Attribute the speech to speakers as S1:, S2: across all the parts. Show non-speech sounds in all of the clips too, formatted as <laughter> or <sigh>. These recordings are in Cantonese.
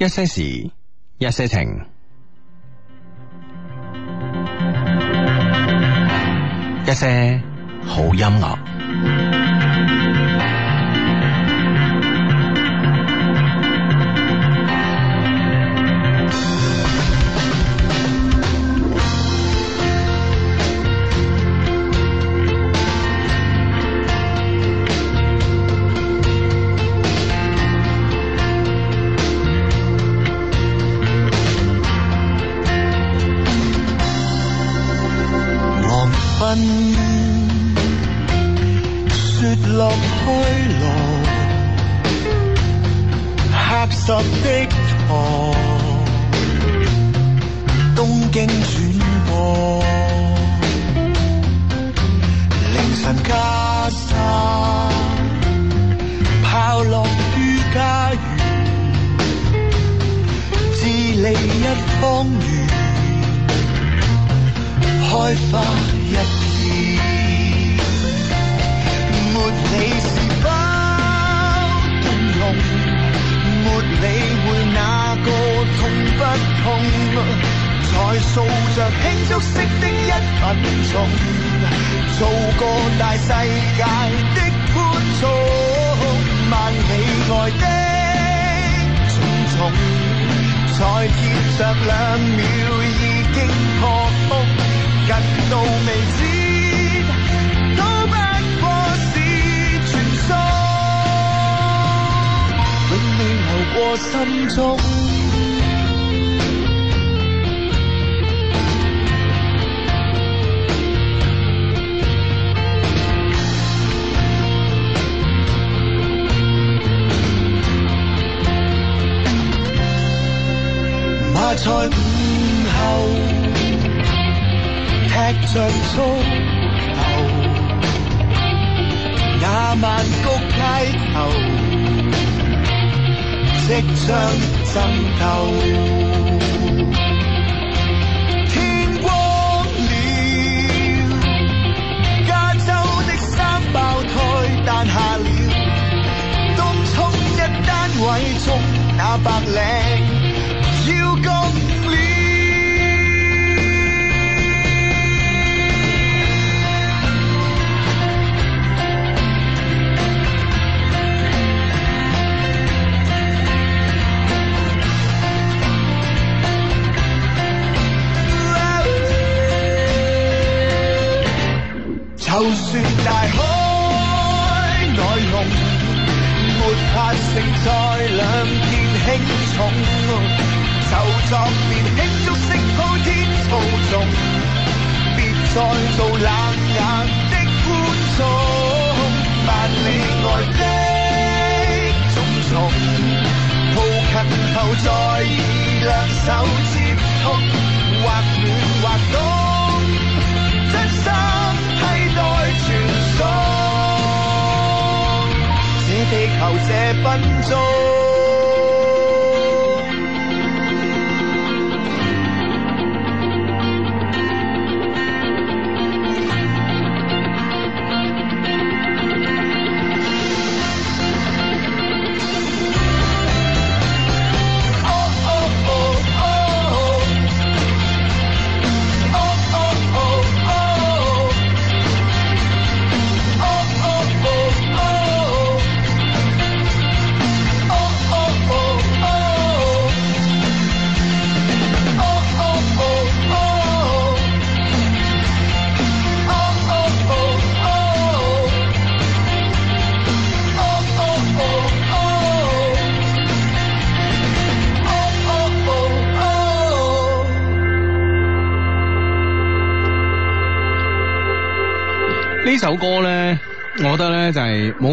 S1: 一些事，一些情，一些好音樂。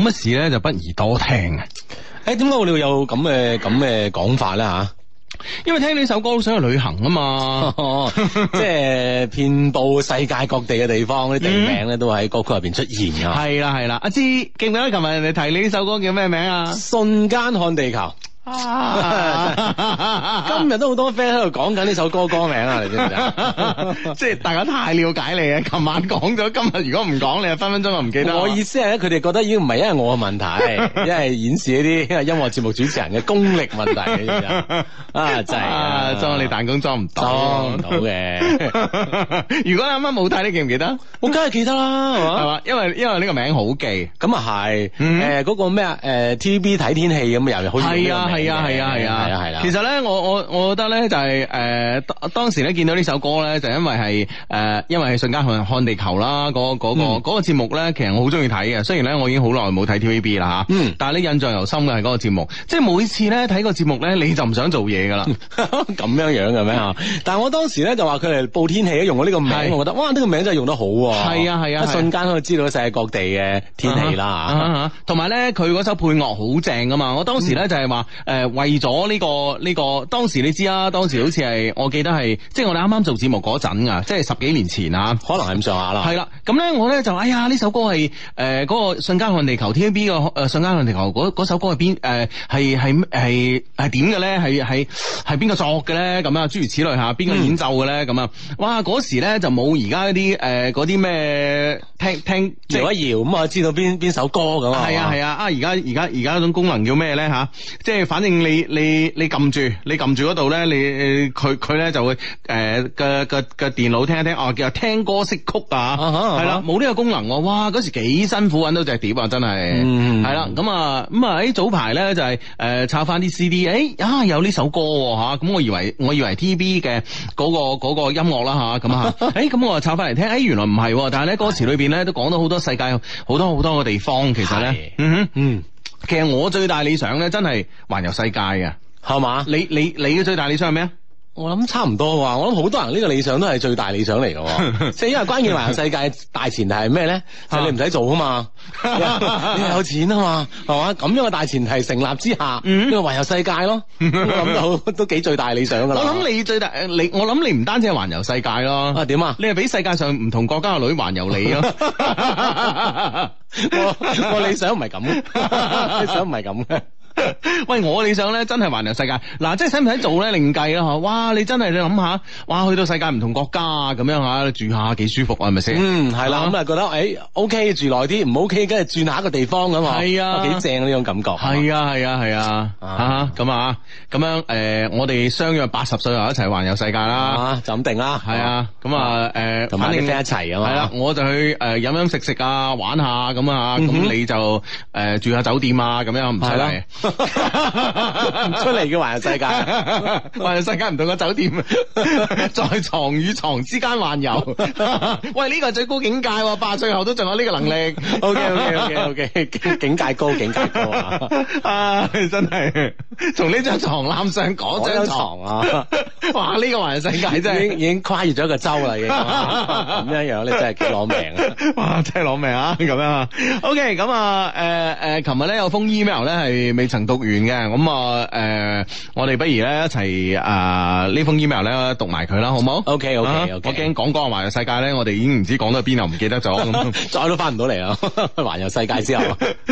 S1: 乜事咧就不宜多聽啊！哎、欸，點解我哋會有咁嘅咁嘅講法咧吓？ <laughs> 因為聽呢首歌好想去旅行啊嘛，即 <laughs> 係 <laughs> 遍佈世界各地嘅地方，啲地名咧都喺歌曲入邊出現噶。係啦係啦，阿志、啊、記唔記得？琴日人哋提你呢首歌叫咩名啊？瞬間看地球。今日都好多 friend 喺度講緊呢首歌歌名啊！你知唔知啊？即係大家太了解你啊！琴晚講咗，今日如果唔講，你啊分分鐘就唔記得。我意思係咧，佢哋覺得已經唔係因為我嘅問題，因為演示一啲音樂節目主持人嘅功力問題。啊，真係啊！裝你彈弓裝唔到，裝唔到嘅。如果你啱啱冇睇，你記唔記得？我梗係記得啦，係嘛？因為因為呢個名好記，咁啊係。誒，嗰個咩啊？誒，T V B 睇天氣咁又好可係啊係啊係啊，啊啊啊啊啊其實咧我我我覺得咧就係誒當時咧見到呢首歌咧就因為係誒因為係瞬間去看地球啦，嗰嗰個個節目咧，其實我好中意睇嘅。雖然咧我已經好耐冇睇 TVB 啦吓，但係咧印象尤深嘅係嗰個節目，即係每次咧睇個節目咧，你就唔想做嘢噶啦。咁樣樣嘅咩吓？但係我當時咧就話佢嚟報天氣用咗呢個名，我覺得哇、就、呢個名，是、這個、名真係用得好。係啊係啊，啊啊瞬間可以知道世界各地嘅天氣啦。同埋咧佢嗰首配樂好正噶嘛，我當時咧就係話。嗯誒、呃，為咗呢、這個呢、這個，當時你知啦，當時好似係，我記得係，即係我哋啱啱做節目嗰陣啊，即係十幾年前啊，可能係咁上下啦。係啦、啊，咁咧我咧就，哎呀，呢首歌係，誒、呃，嗰、那個《瞬間看地球》T V B 嘅《誒、呃、瞬間看地球》嗰首歌係邊，誒係係係係點嘅咧？係係係邊個作嘅咧？咁啊，諸如此類吓，邊個演奏嘅咧？咁啊、嗯，哇，嗰時咧就冇而家啲誒嗰啲咩聽聽搖一搖咁啊，知道邊邊首歌咁啊。係啊係啊，啊而家而家而家嗰種功能叫咩咧？吓、啊，即係。反正你你你撳住，你撳住嗰度咧，你佢佢咧就會誒嘅嘅嘅電腦聽一聽哦、啊，叫做聽歌識曲啊，係啦、uh，冇、huh, 呢、uh huh. 個功能、啊，哇，嗰時幾辛苦揾到隻碟啊，真係，係啦、mm，咁、hmm. 就是呃哎、啊咁啊喺早排咧就係誒抄翻啲 CD，誒啊有呢首歌吓、啊，咁我以為我以為 TV 嘅嗰、那個嗰、那個音樂啦吓，咁啊，誒咁、 <laughs> 哎、我就抄翻嚟聽，誒、哎、原來唔係、啊，但係咧歌詞裏邊咧都講到好多世界好多好多嘅地方，其實咧，嗯哼。嗯。 <music> <music> 其實我最大理想咧，真係環遊世界啊，係嘛？你你你嘅最大理想係咩啊？我諗差唔多喎，我諗好多人呢個理想都係最大理想嚟嘅，即係因為關於環遊世界大前提係咩咧？就係，你唔使做啊嘛 <laughs> 你，你有錢啊嘛，係、哦、嘛？咁樣嘅大前提成立之下，咁啊環遊世界咯，我諗到都幾最大理想噶。 <laughs> 我諗你最大，你我諗你唔單止係環遊世界咯，點啊？啊你係俾世界上唔同國家嘅女環遊你咯 <laughs> <laughs> 我。我理想唔係咁嘅， <laughs> 想唔係咁嘅。 <laughs> 喂，我理想咧真係環遊世界，嗱、啊，即係使唔使做咧另計啦吓？哇，你真係你諗下，哇，去到世界唔同國家咁樣吓，住下幾舒服是是、嗯、啊，係咪先？嗯，係啦，咁啊覺得誒，O K 住耐啲，唔 O K 跟住轉下一個地方咁的啊，係啊，幾正呢種感覺。係啊，係啊，係、呃、啊，吓咁的啊，咁樣誒，我哋相約八十歲後一齊環遊世界啦，就咁定啦，係啊，咁、嗯、啊誒，同埋你一齊啊嘛，係啦，我就去誒飲飲食食啊，玩下咁啊，咁、嗯、哼你就誒住下酒店啊，咁樣唔使啦。 <laughs> 出嚟嘅環遊世界，環 <laughs> 遊世界唔同嘅酒店， <laughs> 在床與床之間環遊。 <laughs> 喂，呢個最高境界，八歲後都仲有呢個能力。O K、okay, O K、okay, O K、okay, O、okay. K， <laughs> 境界高，境界高 <laughs> 啊！真係從呢張床攬上嗰張床，床啊！ <laughs> 哇，呢、這個環遊世界真係已，已經跨越咗一個州啦，已經咁樣樣，你真係攞命啊！哇，真係攞命啊！咁樣啊？O K，咁啊，誒、呃、誒，琴、呃、日咧有封 email 咧係未？曾讀完嘅，咁、呃、啊，誒、OK, OK, OK 啊，我哋不如咧一齊誒呢封 email 咧讀埋佢啦，好唔好？O K O K 我驚講嗰個環遊世界咧，我哋已經唔知講到邊又唔記得咗，再都翻唔到嚟啊！環遊 <laughs> <laughs> 世界之後，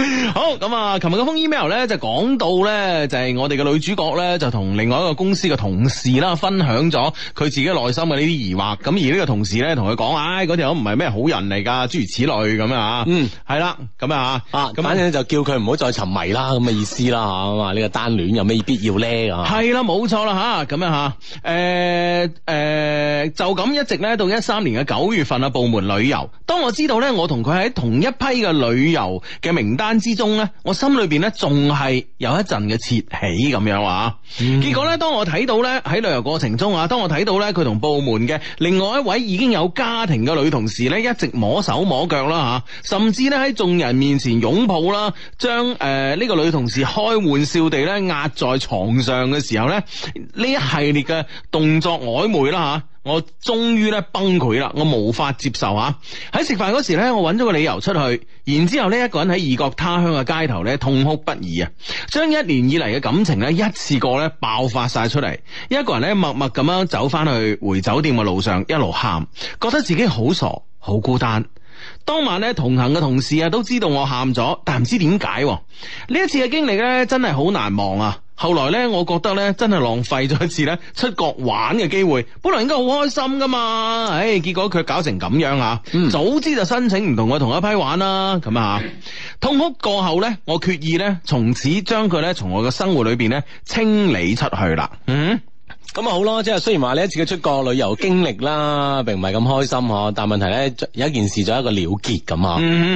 S1: <laughs> 好咁啊，琴日嘅封 email 咧就講到咧，就係我哋嘅女主角咧就同另外一個公司嘅同事啦分享咗佢自己內心嘅呢啲疑惑，咁而呢個同事咧同佢講，唉，嗰條友唔係咩好人嚟噶，諸如此類咁啊，嗯，係、嗯、啦，咁、嗯、啊，啊、嗯，咁、呃、反正就叫佢唔好再沉迷啦，咁嘅意思。 <laughs> 啦呢、啊呢個單戀有咩必要呢？吓係啦，冇錯啦吓，咁樣吓，誒、啊、誒、啊，就咁一直呢到一三年嘅九月份啊，部門旅遊，當我知道呢，我同佢喺同一批嘅旅遊嘅名單之中呢，我心裏邊呢仲係有一陣嘅竊喜咁樣話，啊嗯、結果呢，當我睇到呢喺旅遊過程中啊，當我睇到呢佢同部門嘅另外一位已經有家庭嘅女同事呢，一直摸手摸腳啦吓、啊，甚至呢喺眾人面前擁抱啦，將誒呢、呃呢個女同事開玩笑地咧壓在床上嘅時候咧，呢一系列嘅動作曖昧啦吓，我終於咧崩潰啦，我無法接受吓。喺食飯嗰時咧，我揾咗個理由出去，然之後咧一個人喺異國他鄉嘅街頭咧痛哭不已啊，將一年以嚟嘅感情咧一次過咧爆發晒出嚟。一個人咧默默咁樣走返去回酒店嘅路上，一路喊，覺得自己好傻，好孤單。當晚咧同行嘅同事啊，都知道我喊咗，但唔知點解呢一次嘅經歷咧，真係好難忘啊！後來咧，我覺得咧真係浪費咗一次咧出國玩嘅機會，本來應該好開心噶嘛，唉、哎，結果佢搞成咁樣啊！嗯、早知就申請唔同我同一批玩啦，咁啊！痛哭過後咧，我決意咧從此將佢咧從我嘅生活裏邊咧清理出去啦。嗯。咁啊好咯，即係雖然話呢一次嘅出國旅遊經歷啦，並唔係咁開心嗬，但問題咧有一件事做一個了結咁啊。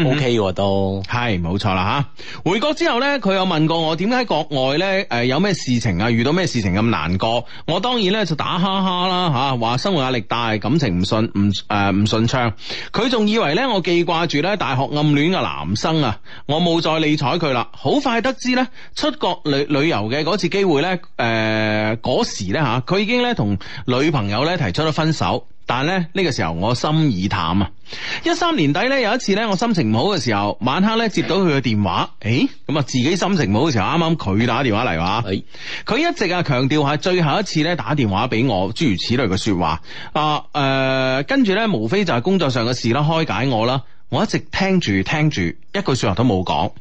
S1: OK、嗯、都係冇錯啦吓。回國之後咧，佢又問過我點解喺國外咧誒、呃、有咩事情啊？遇到咩事情咁難過？我當然咧就打哈哈啦吓，話生活壓力大，感情唔順唔誒唔順暢。佢仲、呃、以為咧我記掛住咧大學暗戀嘅男生啊，我冇再理睬佢啦。好快得知咧出國旅旅遊嘅嗰次機會咧，誒、呃、嗰時咧吓。啊佢已經咧同女朋友咧提出咗分手，但係咧呢個時候我心已淡啊！一三年底咧有一次咧我心情唔好嘅時候，晚黑咧接到佢嘅電話，誒咁啊自己心情唔好嘅時候啱啱佢打電話嚟話，係佢、哎、一直啊強調下最後一次咧打電話俾我，諸如此類嘅説話啊，誒跟住咧無非就係工作上嘅事啦，開解我啦，我一直聽住聽住一句説話都冇講，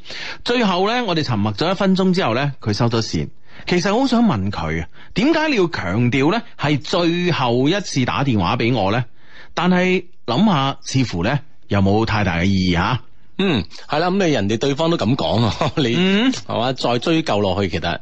S1: 最後咧我哋沉默咗一分鐘之後咧佢收咗線。其實我好想問佢啊，點解你要強調咧係最後一次打電話俾我咧？但係諗下，似乎咧又冇太大嘅意義吓。嗯，係啦，咁你人哋對方都咁講啊， <laughs> 你嗯，係嘛？再追究落去，其實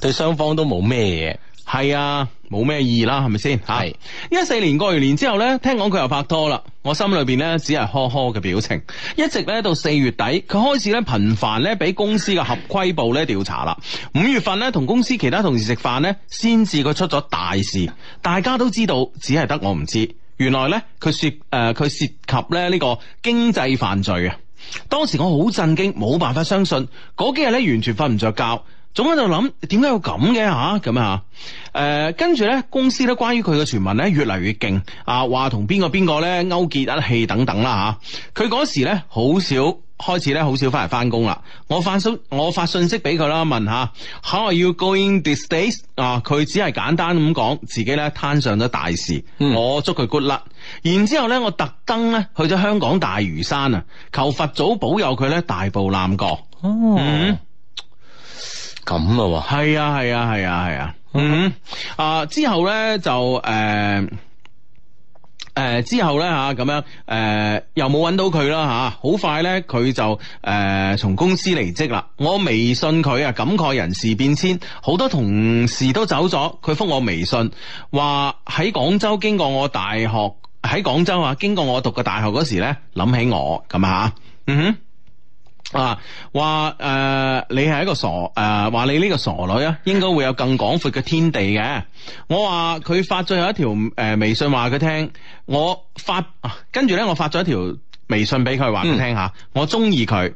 S1: 對雙方都冇咩嘢。係啊，冇咩意義啦，係咪先？係一是、啊、四年過完年之後呢，聽講佢又拍拖啦，我心裏邊呢，只係呵呵嘅表情，一直呢，到四月底，佢開始呢，頻繁呢，俾公司嘅合規部呢調查啦。五月份呢，同公司其他同事食飯呢，先至佢出咗大事。大家都知道，只係得我唔知。原來呢，佢涉誒佢涉及咧呢個經濟犯罪啊！當時我好震驚，冇辦法相信。嗰幾日呢，完全瞓唔着覺。總我就諗，點解要咁嘅吓咁啊？誒，跟住咧，公司咧關於佢嘅傳聞咧越嚟越勁啊，話同邊個邊個咧勾結一氣等等啦吓。佢、啊、嗰時咧好少，開始咧好少翻嚟翻工啦。我發信，我發信息俾佢啦，問吓，how are you going this days 啊？佢只係簡單咁講，自己咧攤上咗大事。嗯、我祝佢 good luck。然之後咧，我特登咧去咗香港大嶼山啊，求佛祖保佑佢咧大步擸過。哦。嗯咁啊，喎、啊，係啊係啊係啊係啊，嗯哼，啊之後呢，就誒誒、呃呃、之後呢，吓咁樣誒又冇揾到佢啦吓，好、啊、快呢，佢就誒從、呃、公司離職啦。我微信佢啊感慨人事變遷，好多同事都走咗。佢覆我微信話喺廣州經過我大學，喺廣州啊經過我讀嘅大學嗰時呢，諗起我咁啊吓，嗯哼。啊！話誒、呃，你係一個傻誒，話、呃、你呢個傻女啊，應該會有更廣闊嘅天地嘅。我話佢發最後一條誒、呃、微信話佢聽，我發跟住、啊、呢，我發咗一條微信俾佢話佢聽吓，我中意佢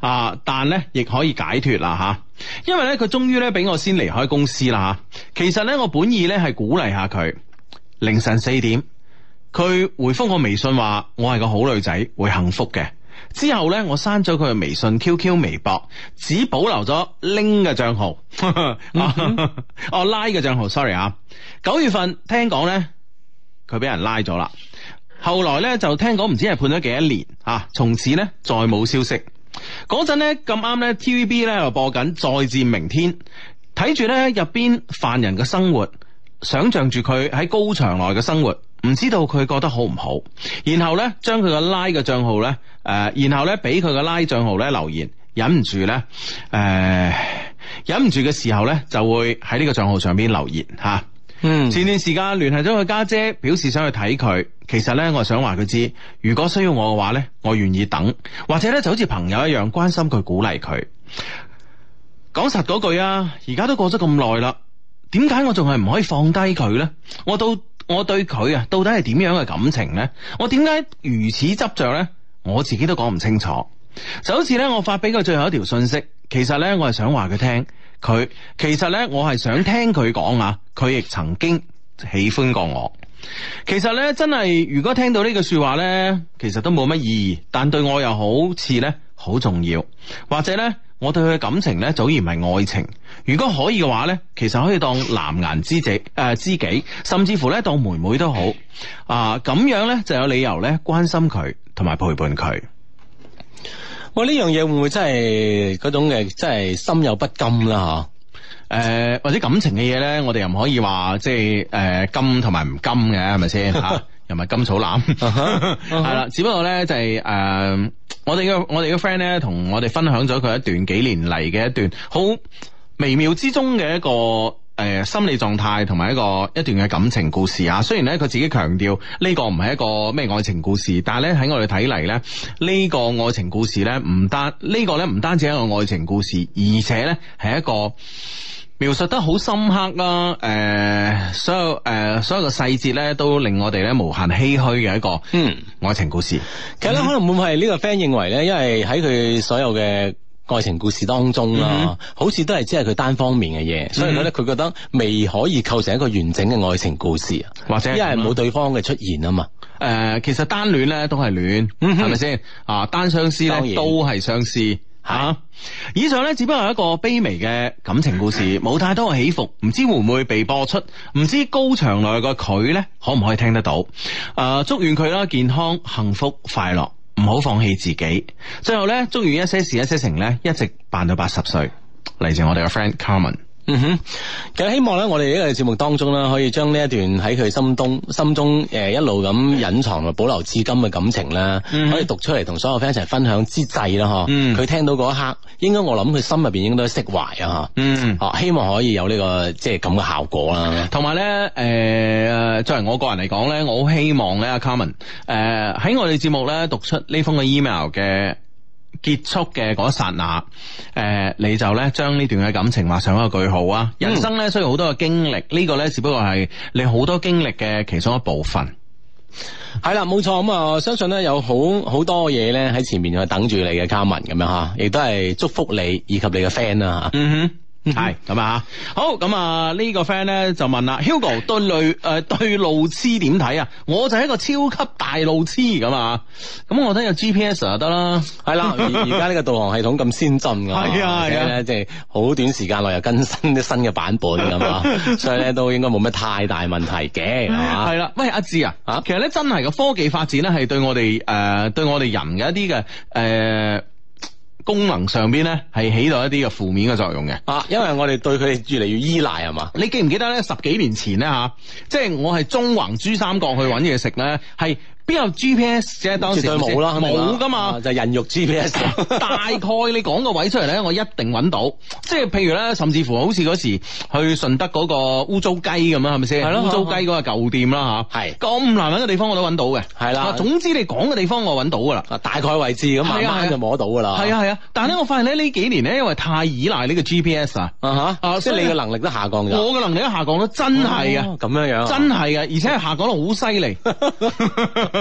S1: 啊，但呢亦可以解脫啦吓，因為呢，佢終於呢俾我先離開公司啦吓、啊。其實呢，我本意呢係鼓勵下佢。凌晨四點，佢回覆我微信話我係個好女仔，會幸福嘅。之後呢，我刪咗佢嘅微信、QQ、微博，只保留咗拎嘅賬號， <laughs> <laughs> 哦，拉嘅賬號，sorry 啊。九月份聽講呢，佢俾人拉咗啦。後來呢，就聽講唔知係判咗幾多年啊，從此呢，再冇消息。嗰陣呢，咁啱呢，TVB 呢又播緊《再戰明天》，睇住呢入邊犯人嘅生活，想象住佢喺高牆內嘅生活。唔知道佢覺得好唔好，然後呢，將佢個拉嘅賬號呢，誒、呃，然後呢，俾佢個拉賬號呢留言，忍唔住呢，誒、呃，忍唔住嘅時候呢，就會喺呢個賬號上邊留言吓。嗯，前段時間聯繫咗佢家姐，表示想去睇佢。其實呢，我想話佢知，如果需要我嘅話呢，我願意等，或者呢，就好似朋友一樣關心佢、鼓勵佢。講實嗰句啊，而家都過咗咁耐啦，點解我仲係唔可以放低佢呢？我到。我對佢啊，到底係點樣嘅感情呢？我點解如此執着呢？我自己都講唔清楚。就好似呢，我發俾佢最後一條信息，其實呢，我係想話佢聽，佢其實呢，我係想聽佢講啊。佢亦曾經喜歡過我。其實呢，真係如果聽到呢句說話呢，其實都冇乜意義，但對我又好似呢，好重要，或者呢。我對佢嘅感情咧，早已唔係愛情。如果可以嘅話咧，其實可以當藍顏知己誒，知己，甚至乎咧當妹妹都好啊。咁、呃、樣咧就有理由咧關心佢，同埋陪伴佢。喂，呢樣嘢會唔會真係嗰種嘅，真係心有不甘啦？吓、啊，誒、呃，或者感情嘅嘢咧，我哋又唔可以話即係誒、呃，甘同埋唔甘嘅，係咪先？ <laughs> 又咪甘草欖，係啦，只不過、就是 uh, 呢，就係誒，我哋嘅我哋嘅 friend 呢，同我哋分享咗佢一段幾年嚟嘅一段好微妙之中嘅一個誒、呃、心理狀態，同埋一個一段嘅感情故事啊。雖然呢，佢自己強調呢、呢個唔係一個咩愛情故事，但係呢，喺我哋睇嚟呢，呢、呢個愛情故事呢，唔單呢個呢，唔單止係一個愛情故事，而且呢，係一個。描述得好深刻啦，誒、呃，所有誒、呃、所有嘅細節咧，都令我哋咧無限唏噓嘅一個嗯愛情故事。嗯、其實咧，可能會唔會係呢個 friend 認為咧，因為喺佢所有嘅愛情故事當中啦，嗯、哼好似都係只係佢單方面嘅嘢，所以咧，佢覺得未可以構成一個完整嘅愛情故事、嗯、哼啊，或者因為冇對方嘅出現啊嘛。誒，其實單戀咧都係戀，係咪先啊？單相思咧然都係相思。吓、啊，以上咧只不過係一個卑微嘅感情故事，冇太多嘅起伏，唔知會唔會被播出，唔知高牆內嘅佢咧可唔可以聽得到？誒、呃，祝願佢啦健康、幸福、快樂，唔好放棄自己。最後咧，祝願一些事、一些情咧一直辦到八十歲。嚟自我哋嘅 friend Carmen。嗯哼，其實希望咧，我哋呢個節目當中咧，可以將呢一段喺佢心中、心中誒一路咁隱藏同保留至今嘅感情咧，嗯、哼可以讀出嚟同所有 friend 一齊分享之際啦，嗬、嗯，佢聽到嗰一刻，應該我諗佢心入邊應該都釋懷啊，吓嗯，哦、啊，希望可以有呢、呢個即係咁嘅效果啦。同埋咧，誒、呃，作為我個人嚟講咧，我好希望咧阿卡文誒，喺、呃、我哋節目咧讀出呢封嘅 email 嘅。結束嘅嗰一剎那，誒、呃，你就咧將呢段嘅感情畫上一個句號啊！人生咧需要好多嘅經歷，這個、呢個咧只不過係你好多經歷嘅其中一部分。係啦，冇錯，咁啊，相信咧有好好多嘢咧喺前面又等住你嘅，嘉文咁樣吓，亦都係祝福你以及你嘅 friend 啦吓。嗯哼。嗯哼係咁啊，好咁啊呢個 friend 咧就問啦，Hugo 對路誒、呃、對路痴點睇啊？我就係一個超級大路痴咁啊！咁我睇有 G P S 就得啦，係啦，而家呢個導航系統咁先進嘅，係啊， <laughs> 係啊，即係好短時間內又更新啲新嘅版本咁啊， <laughs> 所以咧都應該冇咩太大問題嘅，係嘛？係啦， <laughs> 喂阿志啊，吓，其實咧真係個科技發展咧係對我哋誒、呃、對我哋人嘅一啲嘅誒。呃功能上邊咧，係起到一啲嘅負面嘅作用嘅，啊，因為我哋對佢哋越嚟越依賴係嘛？ <laughs> 你記唔記得咧？十幾年前咧吓、啊，即係我係中橫珠三角去揾嘢食咧，係的。邊有 GPS 啫？當時絕對冇啦，冇噶嘛，就人肉 GPS。大概你講個位出嚟咧，我一定揾到。即係譬如咧，甚至乎好似嗰時去順德嗰個烏糟雞咁啊，係咪先？係咯，烏糟雞嗰個舊店啦，吓。係咁難揾嘅地方我都揾到嘅。係啦，總之你講嘅地方我揾到噶啦。大概位置咁慢慢就摸到噶啦。係啊係啊，但係咧我發現咧呢幾年咧因為太依賴呢個 GPS 啊，吓，即係你嘅能力都下降咗。我嘅能力都下降咗，真係啊！咁樣樣，真係啊！而且下降得好犀利。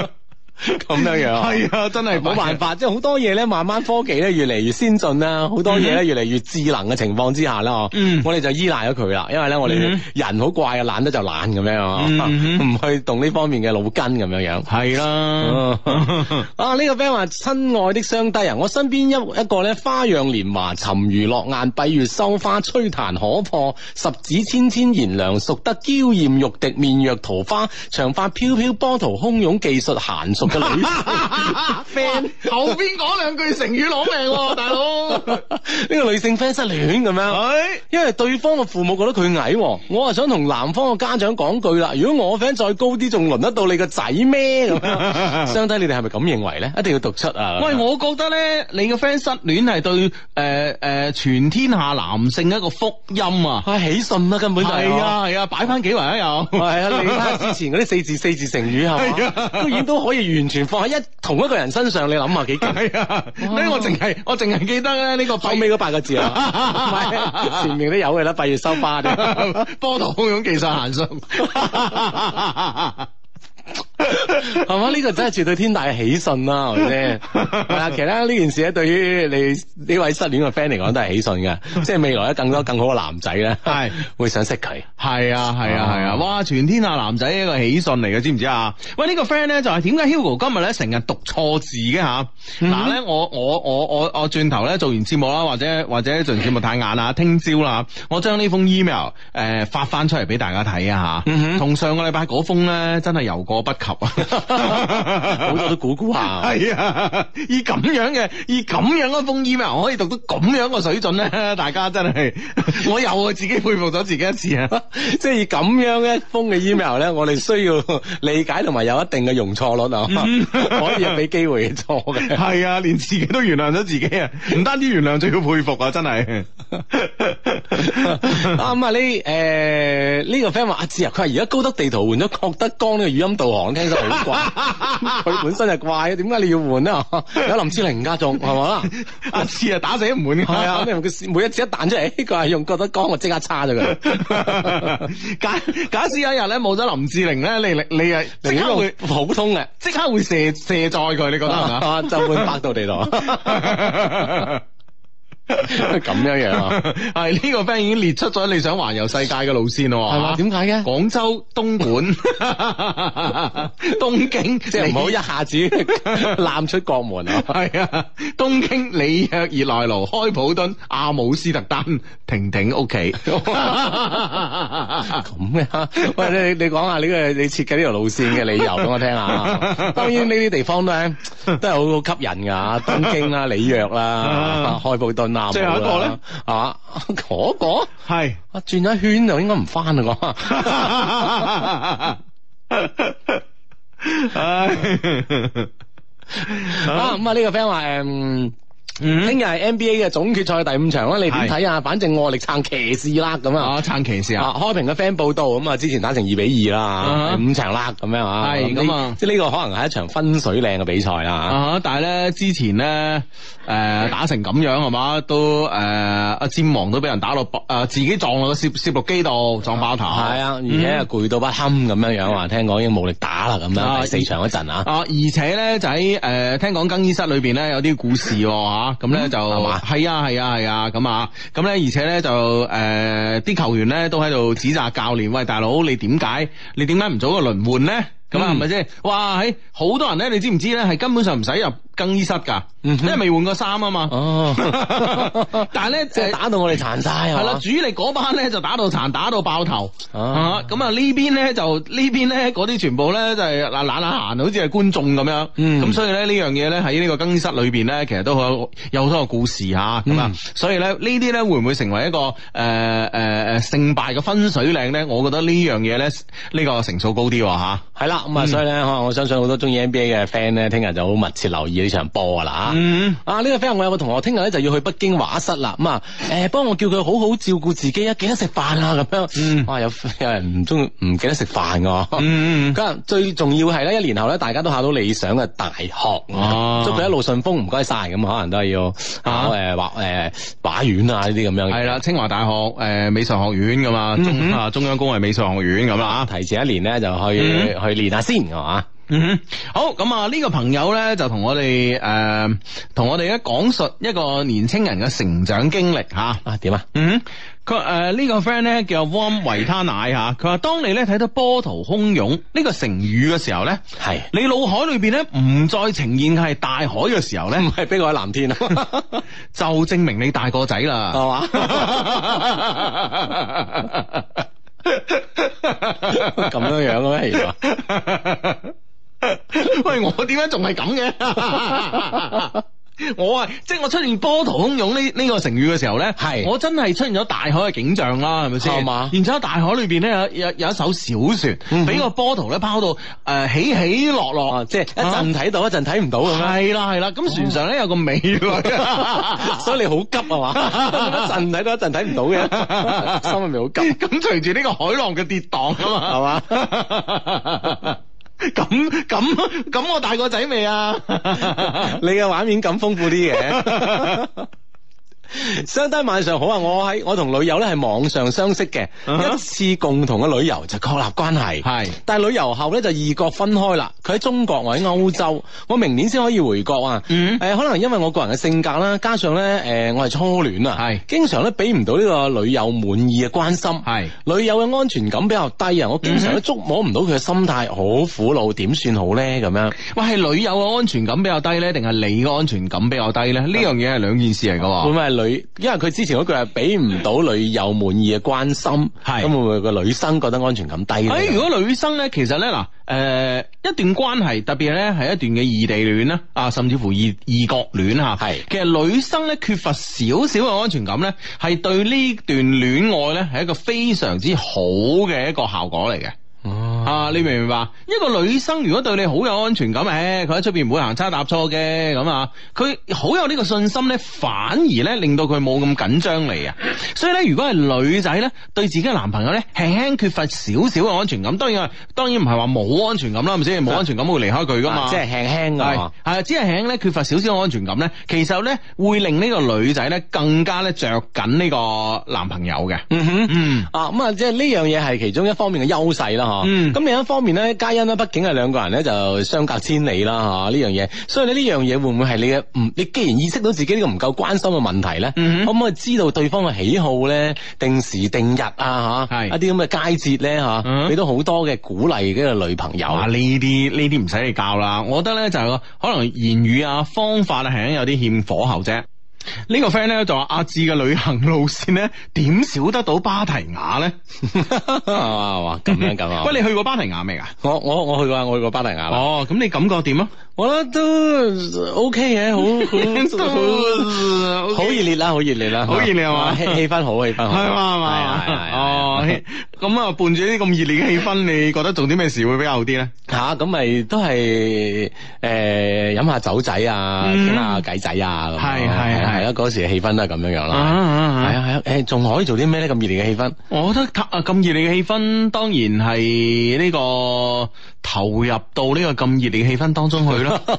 S1: 咁樣樣係啊，真係冇辦法，即係好多嘢咧，慢慢科技咧越嚟越先進啦，好多嘢咧、mm hmm. 越嚟越智能嘅情況之下啦，mm hmm. 我哋就依賴咗佢啦，因為咧我哋人好怪懶懶、mm hmm. 啊，懶得就懶咁樣，唔去動呢方面嘅腦筋咁樣樣，係啦、啊， <laughs> 啊呢、這個 friend 話，親愛的上帝人，我身邊一一個咧花樣年華，沉魚落雁，閉月羞花，吹彈可破，十指纖纖賢良，熟得嬌艷欲滴，面若桃花，長髮飄飄，波濤洶湧，技術嫻個 <laughs> friend 後邊嗰兩句成語攞命喎、啊，大佬呢 <laughs> 個女性 friend 失戀咁樣，哎、因為對方嘅父母覺得佢矮、啊，我係想同男方嘅家長講句啦，如果我 friend 再高啲，仲輪得到你個仔咩咁樣？ <laughs> 相弟，你哋係咪咁認為咧？一定要讀出啊！ <laughs> 喂，我覺得咧，你個 friend 失戀係對誒誒、呃呃、全天下男性一個福音啊！哎、起信啊，喜訊啊，根本就係啊係啊，擺翻幾圍啊又係啊，睇下、啊 <laughs> 啊、之前嗰啲四字四字成語係 <laughs> 居然都可以完全放喺一同一個人身上，你諗下幾勁啊！所以我淨係我淨係記得咧呢個後尾嗰八個字啊， <laughs> 前面都有嘅啦，閉月羞花啫 <laughs> <laughs> 波濤洶湧，技術行進。係咪呢個真係絕對天大嘅喜訊啦？係咪先？係啊，其實呢件事咧，對於你呢位失戀嘅 friend 嚟講，都係喜訊嘅，即係未來咧，更多更好嘅男仔咧，係會想識佢。係啊，係啊，係啊！啊哇，全天下男仔一個喜訊嚟嘅，知唔知啊？喂，這個、呢個 friend 咧就係點解 Hugo 今日咧成日讀錯字嘅吓？嗱咧、嗯哼啊，我我我我我轉頭咧做完節目啦，或者或者做節目太晏啦，聽朝啦，我將呢封 email 誒、呃、發翻出嚟俾大家睇啊吓。同、嗯、哼上個禮拜嗰封咧，真係由過不。及啊，好多都估估下，係啊！以咁樣嘅，以咁樣一封 email，可以讀到咁樣嘅水準咧，大家真係， <laughs> 我又自己佩服咗自己一次啊！ <laughs> 即係以咁樣一封嘅 email 咧，我哋需要理解同埋有一定嘅容錯率啊， <laughs> <laughs> 可以俾機會錯嘅。係 <laughs> 啊，連自己都原諒咗自己啊！唔單止原諒，仲要佩服啊！真係，啱 <laughs> <laughs> 啊！呢誒呢個 friend 話阿志啊，佢話而家高德地圖換咗郭德綱呢個語音導航。聽咗好怪，佢 <laughs> 本身就怪啊！點解你要換啊？ <laughs> 有林志玲家仲係嘛？我試啊， <laughs> 打死都唔換嘅。啊，咩每一次一彈出嚟，佢係用覺得光，我即刻叉咗佢。 <laughs> <laughs> 假假使有一日咧冇咗林志玲咧，你你你係即刻會普通嘅，即刻會卸，卸載佢，你覺得係咪就換百度地圖。咁樣樣啊係呢個 friend 已經列出咗你想環遊世界嘅路線咯，係嘛？點解嘅？廣州、東莞、東京，即係唔好一下子攬出國門啊！係啊，東京、里約、熱內盧、開普敦、阿姆斯特丹、婷婷屋企，
S2: 咁
S1: 嘅。喂，你你講下呢個你設計呢條路線嘅理由俾我聽下。當然呢啲地方都係都係好好吸引噶，東京啦、里約啦、開普敦啦。最後一個咧， <laughs> <laughs> <laughs> <laughs> <laughs> 啊，嗰、嗯啊啊嗰個係，啊轉咗一圈就應該唔翻啦，啩，唉，啊咁啊呢個 friend 話誒。聽日係 NBA 嘅總決賽第五場啦，你睇下，反正我力撐騎士啦，咁啊。哦，撐騎士啊！開屏嘅 fan 報道，咁啊，之前打成二比二啦，五場啦，咁樣啊。係咁啊，即係呢個可能係一場分水嶺嘅比賽啦。啊，但係咧之前咧，誒打成咁樣係嘛，都誒阿詹皇都俾人打落誒自己撞落個攝攝錄機度，撞爆頭。係啊，而且啊，攰到不堪咁樣樣啊！聽講已經冇力打啦，咁樣第四場一陣啊。哦，而且咧就喺誒聽講更衣室裏邊咧有啲故事啊。咁咧、嗯、就係吧啊，係啊，係啊，咁啊，咁咧而且咧就誒啲、呃、球員咧都喺度指責教練，喂，大佬，你點解你點解唔做一個輪換咧？咁啊，係咪先？嗯、哇！喺好多人咧，你知唔知咧？係根本上唔使入更衣室噶，嗯、哼因為未換過衫啊嘛。哦， <laughs> 但係是咧 <laughs> <laughs> 就打到我哋殘晒，係啦。主力嗰班咧就打到殘，打到爆頭咁啊，啊嗯、邊呢邊咧就呢邊咧，嗰啲全部咧就係嗱懶懶閒，好似係觀眾咁樣。咁、嗯、所以咧呢樣嘢咧喺呢個更衣室裏邊咧，其實都好有好多個故事吓。咁啊，啊，啊，所以咧呢啲咧會唔會成為一個誒誒誒勝敗嘅分水嶺咧？我覺得呢樣嘢咧，呢、這個成數高啲吓。係、啊、啦。 <music> <music> 咁啊，嗯、所以咧，我相信好多中意 NBA 嘅 friend 咧，聽日就好密切留意呢場波、嗯、啊啦，啊、這、呢個 friend，我有個同學聽日咧就要去北京畫室啦，咁啊，誒，幫我叫佢好好照顧自己啊，記得食飯啊，咁樣，嗯、哇，有，有人唔中意唔記得食飯噶，咁啊、嗯，最重要係咧，一年後咧，大家都考到理想嘅大學，啊、祝佢一路順風，唔該晒，咁可能都係要誒畫誒畫院啊呢啲咁樣，係啦，清華大學誒、呃、美術學院咁啊、嗯，中央工藝美術學院咁啦，嗯、提前一年咧就去、嗯、去練。嗱先嚇，嗯哼，好咁啊！呢個朋友咧就同我哋誒同我哋咧講述一個年青人嘅成長經歷吓，啊點啊？啊嗯佢誒、呃這個、呢個 friend 咧叫 Warm 唉維他奶嚇，佢話當你咧睇到波濤洶湧呢、這個成語嘅時候咧，係是你腦海裏邊咧唔再呈現係大海嘅時候咧，唔係碧海藍天啊， <laughs> 就證明你大個仔啦，係嘛好吧？ <laughs> <laughs> 咁樣樣嘅咩？如果喂我點解仲係咁嘅？我啊，即係我出現波濤洶湧呢呢個成語嘅時候咧，係是我真係出現咗大海嘅景象啦，係咪先？係嘛。然之後大海裏邊咧有有有一艘小船，俾個波濤咧拋到誒、呃、起起落落，即係一陣睇到、啊、一陣睇唔到咁樣。係啦係啦，咁、啊啊啊、船上咧有個美女， <laughs> <laughs> 所以你好急啊嘛？一陣睇到一陣睇唔到嘅， <laughs> 心入面好急。咁、 <laughs> 嗯、隨住呢個海浪嘅跌宕啊嘛，係嘛嗎。 <laughs> <laughs> 咁咁咁，我大個仔未啊？ <laughs> <laughs> 你嘅畫面咁豐富啲嘅。 <laughs> 相得晚上好啊！我喺我同女友呢係網上相識嘅，uh huh. 一次共同嘅旅遊就確立關係。係、uh，huh. 但係旅遊後呢就異國分開啦。佢喺中國，我喺歐洲，我明年先可以回國啊。誒、uh，huh. 可能因為我個人嘅性格啦，加上呢誒，我係初戀啊，係、huh.，經常咧俾唔到呢個女友滿意嘅關心，係、uh，女友嘅安全感比較低啊。我經常都捉摸唔到佢嘅心態，好苦惱，點算好呢？咁樣，喂，係女友嘅安全感比較低呢？定係你嘅安全感比較低呢？呢樣嘢係兩件事嚟噶喎。女，因為佢之前嗰句係俾唔到女友滿意嘅關心，咁 <laughs> 會唔會個女生覺得安全感低咧？如果女生呢，其實呢，嗱，誒，一段關係特別咧係一段嘅異地戀啦，啊，甚至乎異異國戀吓，係是，其實女生咧缺乏少少嘅安全感呢，係對呢段戀愛呢係一個非常之好嘅一個效果嚟嘅。啊，你明唔明白？一個女生如果對你好有安全感，誒、欸，佢喺出邊唔會行差踏錯嘅，咁啊，佢好有呢個信心咧，反而咧令到佢冇咁緊張你啊。所以咧，如果係女仔咧，對自己男朋友咧，輕輕缺乏少少嘅安全感，當然係，當然唔係話冇安全感啦，唔知的，冇安全感會離開佢噶嘛。即係輕輕係係，只係輕輕咧缺乏少少安全感咧，其實咧會令呢個女仔咧更加咧着緊呢個男朋友嘅。嗯哼，嗯啊，咁啊，即係呢樣嘢係其中一方面嘅優勢啦，嗬、啊。嗯咁、嗯、另一方面咧，皆因咧，畢竟係兩個人咧就相隔千里啦嚇，呢樣嘢。所以會會你呢樣嘢會唔會係你嘅唔？你既然意識到自己呢個唔夠關心嘅問題咧，嗯嗯可唔可以知道對方嘅喜好咧？定時定日啊嚇，係一啲咁嘅佳節咧嚇，俾到好多嘅鼓勵嘅個女朋友啊？呢啲呢啲唔使你教啦。我覺得咧就係、是、可能言語啊方法係、啊、有啲欠火候啫。呢個 friend 咧就話阿志嘅旅行路線咧點少得到芭提雅咧，哇 <laughs> 咁 <laughs> 樣咁，喂，你去過芭提雅未啊？我我我去過，啊，我去過芭提雅啦。哦，咁你感覺點啊？我覺得都 OK 嘅，好好好熱烈啦，好熱烈啦，好熱烈啊！氣氣氛好，氣氛好，係嘛係嘛哦！咁啊，伴住啲咁熱烈嘅氣氛，你覺得做啲咩事會比較好啲咧？嚇咁咪都係誒飲下酒仔啊，傾下偈仔啊咁。係係係啦，嗰時嘅氣氛都係咁樣樣啦。係啊係啊誒，仲可以做啲咩咧？咁熱烈嘅氣氛，我覺得咁啊咁熱烈嘅氣氛，當然係呢個。投入到呢個咁熱烈氣氛當中去咯， <laughs>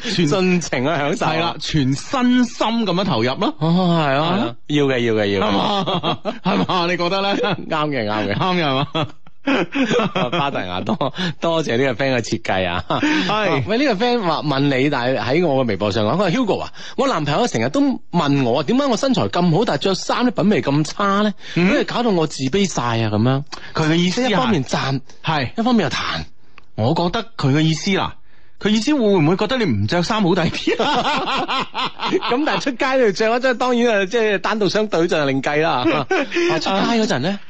S1: 全盡 <laughs> 全情去享受，係啦，全身心咁樣投入咯，係啊，啊，啊，要嘅要嘅要，係嘛， <laughs> 係嘛，你覺得咧？啱嘅啱嘅啱嘅係嘛？ <laughs> <laughs> <laughs> <laughs> 巴特牙多多謝呢個 friend 嘅設計啊！係是，喂呢、這個 friend 話問你，但係喺我嘅微博上講，佢話 Hugo 啊，我男朋友成日都問我點解我身材咁好，但係着衫啲品味咁差咧？因為、嗯、搞到我自卑晒啊咁樣。佢嘅意思一方面贊，係是一方面又彈。我覺得佢嘅意思啦，佢意思會唔會覺得你唔着衫好睇啲啊？咁 <laughs> <laughs> 但係出街你着，即係當然啊，即、就、係、是、單獨相對就另計啦。 <laughs> 出街嗰陣咧。 <laughs>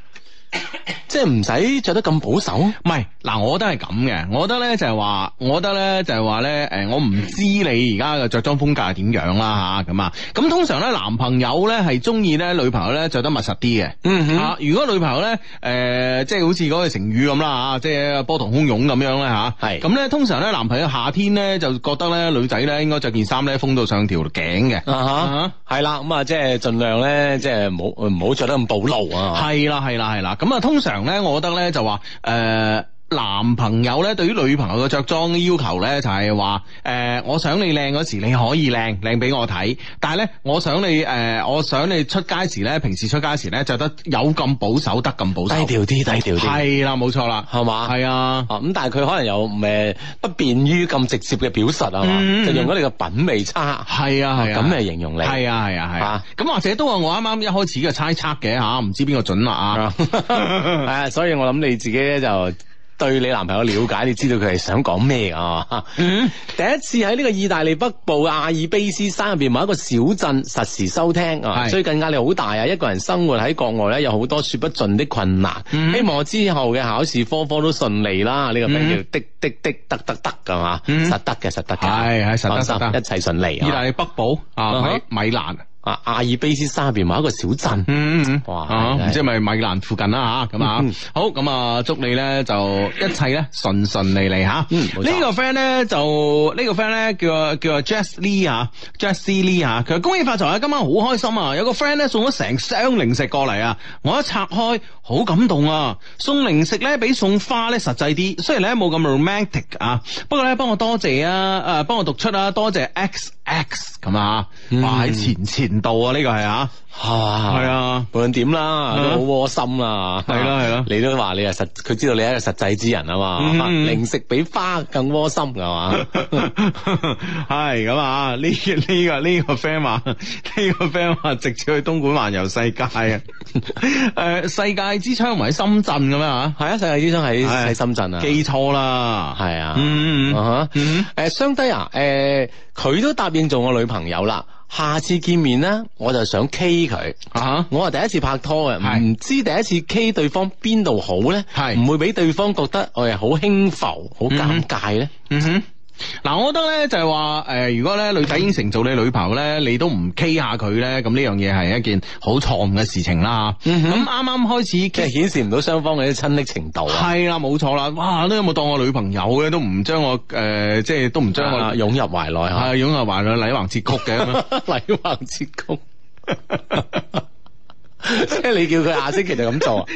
S1: <laughs> 即係唔使着得咁保守，唔係嗱，我覺得係咁嘅。我覺得咧就係、是、話，我覺得咧就係話咧，誒、呃，我唔知你而家嘅着裝風格係點樣啦吓，咁啊，咁通常咧男朋友咧係中意咧女朋友咧着得密實啲嘅，啊啊啊、嗯吓哼，如果女朋友咧，誒、呃，即係好似嗰個成語咁啦吓，即係波濤洶湧咁樣咧吓，係、啊，咁咧是通常咧男朋友夏天咧就覺得咧女仔咧應該着件衫咧封到上條頸嘅，啊吓，係啦、啊哈，咁啊，即係盡量咧，即係唔好唔好着得咁暴露啊，係啦， <laughs> 係啦，係啦。咁啊，通常咧，我覺得咧就話，誒。呃男朋友咧，對於女朋友嘅着裝要求咧、就是，就係話，誒，我想你靚嗰時，你可以靚，靚俾我睇。但係咧，我想你誒、呃，我想你出街時咧，平時出街時咧，着得有咁保守，得咁保守。低調啲，低調啲。係啦，冇 <music> 錯啦，係嘛？係啊。咁 <music> <music> 但係佢可能又誒不便於咁直接嘅表述啊，嘛吧， <music> 就用咗你嘅品味差。係啊，係啊。咁嚟形容你。係啊，係啊，係。咁或者都係我啱啱一開始嘅猜測嘅嚇，唔知邊個準啦啊。係啊，所以我諗你自己咧就。對你男朋友了解，你知道佢係想講咩啊？ <laughs> <laughs> 第一次喺呢個意大利北部阿爾卑斯山入邊某一個小鎮實時收聽啊！所以更壓力好大啊，一個人生活喺國外咧，有好多說不盡的困難。嗯、希望之後嘅考試科科都順利啦！呢、嗯、個名叫滴滴滴得得得，㗎嘛？實得嘅，實得嘅，係係實得心一切順利。啊。意大利北部啊，喺、uh, uh, 米蘭。 <laughs> 啊，阿爾卑斯山入邊某一個小鎮，嗯嗯嗯，哇，唔知係咪米蘭附近啦吓，咁啊，好，咁啊，祝你咧就一切咧順順利利吓，嗯，呢個 friend 咧就呢個 friend 咧叫叫啊 Jess Lee 啊 Jess Lee 啊，佢恭喜發財啊，今晚好開心啊，有個 friend 咧送咗成箱零食過嚟啊，我一拆開好感動啊，送零食咧比送花咧實際啲，雖然咧冇咁 romantic 啊，不過咧幫我多謝啊，誒，幫我讀出啊，多謝 X X 咁啊，哇，喺前前。唔到啊！呢個係啊，係啊，無論點啦，啊、都好窩心啊！係咯，係咯，你都話你係實，佢知道你係一個實際之人啊嘛。嗯嗯，零食比花更窩心噶嘛？係咁啊！呢 <laughs> 呢、 <laughs> 這個呢、這個 friend 話，呢、這個 friend 話、這個，直接去東莞環遊世界、啊。誒、嗯嗯， <laughs> 世界之窗唔喺深圳噶咩？吓、嗯嗯，係啊，世界之窗喺喺深圳啊？記錯啦，係啊。嗯嗯誒，雙低啊！誒，佢都答應做我女朋友啦。下次見面啦，我就想 K 佢啊！Uh huh. 我係第一次拍拖嘅，唔是知第一次 K 對方邊度好呢？唔是會俾對方覺得我係好輕浮、好尷尬呢？嗯哼、uh。Huh. Uh huh. 嗱、啊，我覺得咧就係、是、話，誒、呃，如果咧女仔應承做你女朋友咧，嗯、你都唔 K 下佢咧，咁呢樣嘢係一件好錯誤嘅事情啦。咁啱啱開始，即係顯示唔到雙方嘅親昵程度啊。係啦、啊，冇錯啦。哇，都冇有有當我女朋友嘅，都唔將我，誒、呃，即係都唔將我擁、啊、入懷內。係、啊、擁、啊、入懷內，禮橫節曲嘅，禮橫節曲。 <laughs> 橫節 <laughs> 即係你叫佢下星期就咁做，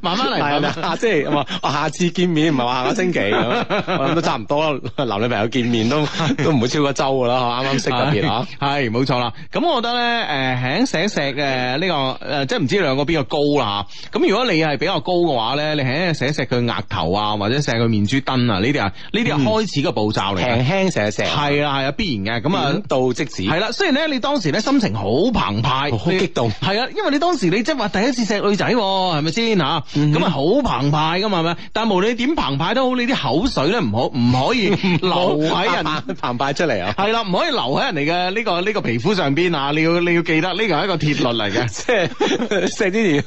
S2: 慢慢嚟啦。
S1: 即係，下次見面唔係話下個星期咁，我諗都差唔多。男女朋友見面都都唔會超過周噶啦，啱啱識特別吓。係，冇錯啦。咁我覺得咧，誒，輕錫一錫呢個誒，即係唔知兩個邊個高啦。咁如果你係比較高嘅話咧，你輕輕錫一佢額頭啊，或者錫佢面珠墩啊，呢啲啊，呢啲係開始嘅步驟嚟。輕輕錫石，錫，係啦，係必然嘅。咁到即止。係啦，雖然咧你當時咧心情好澎湃。好激動，係啊，因為你當時你即係話第一次錫女仔，啊，係咪先吓？咁啊好澎湃噶嘛，係咪？但係無論你點澎湃都好，你啲口水咧唔好，唔可、， <laughs> 啊啊、可以留喺人澎湃出嚟啊！係啦，唔可以留喺人哋嘅呢個呢個皮膚上邊啊！你要你要記得呢個係一個鐵律嚟嘅，即係錫之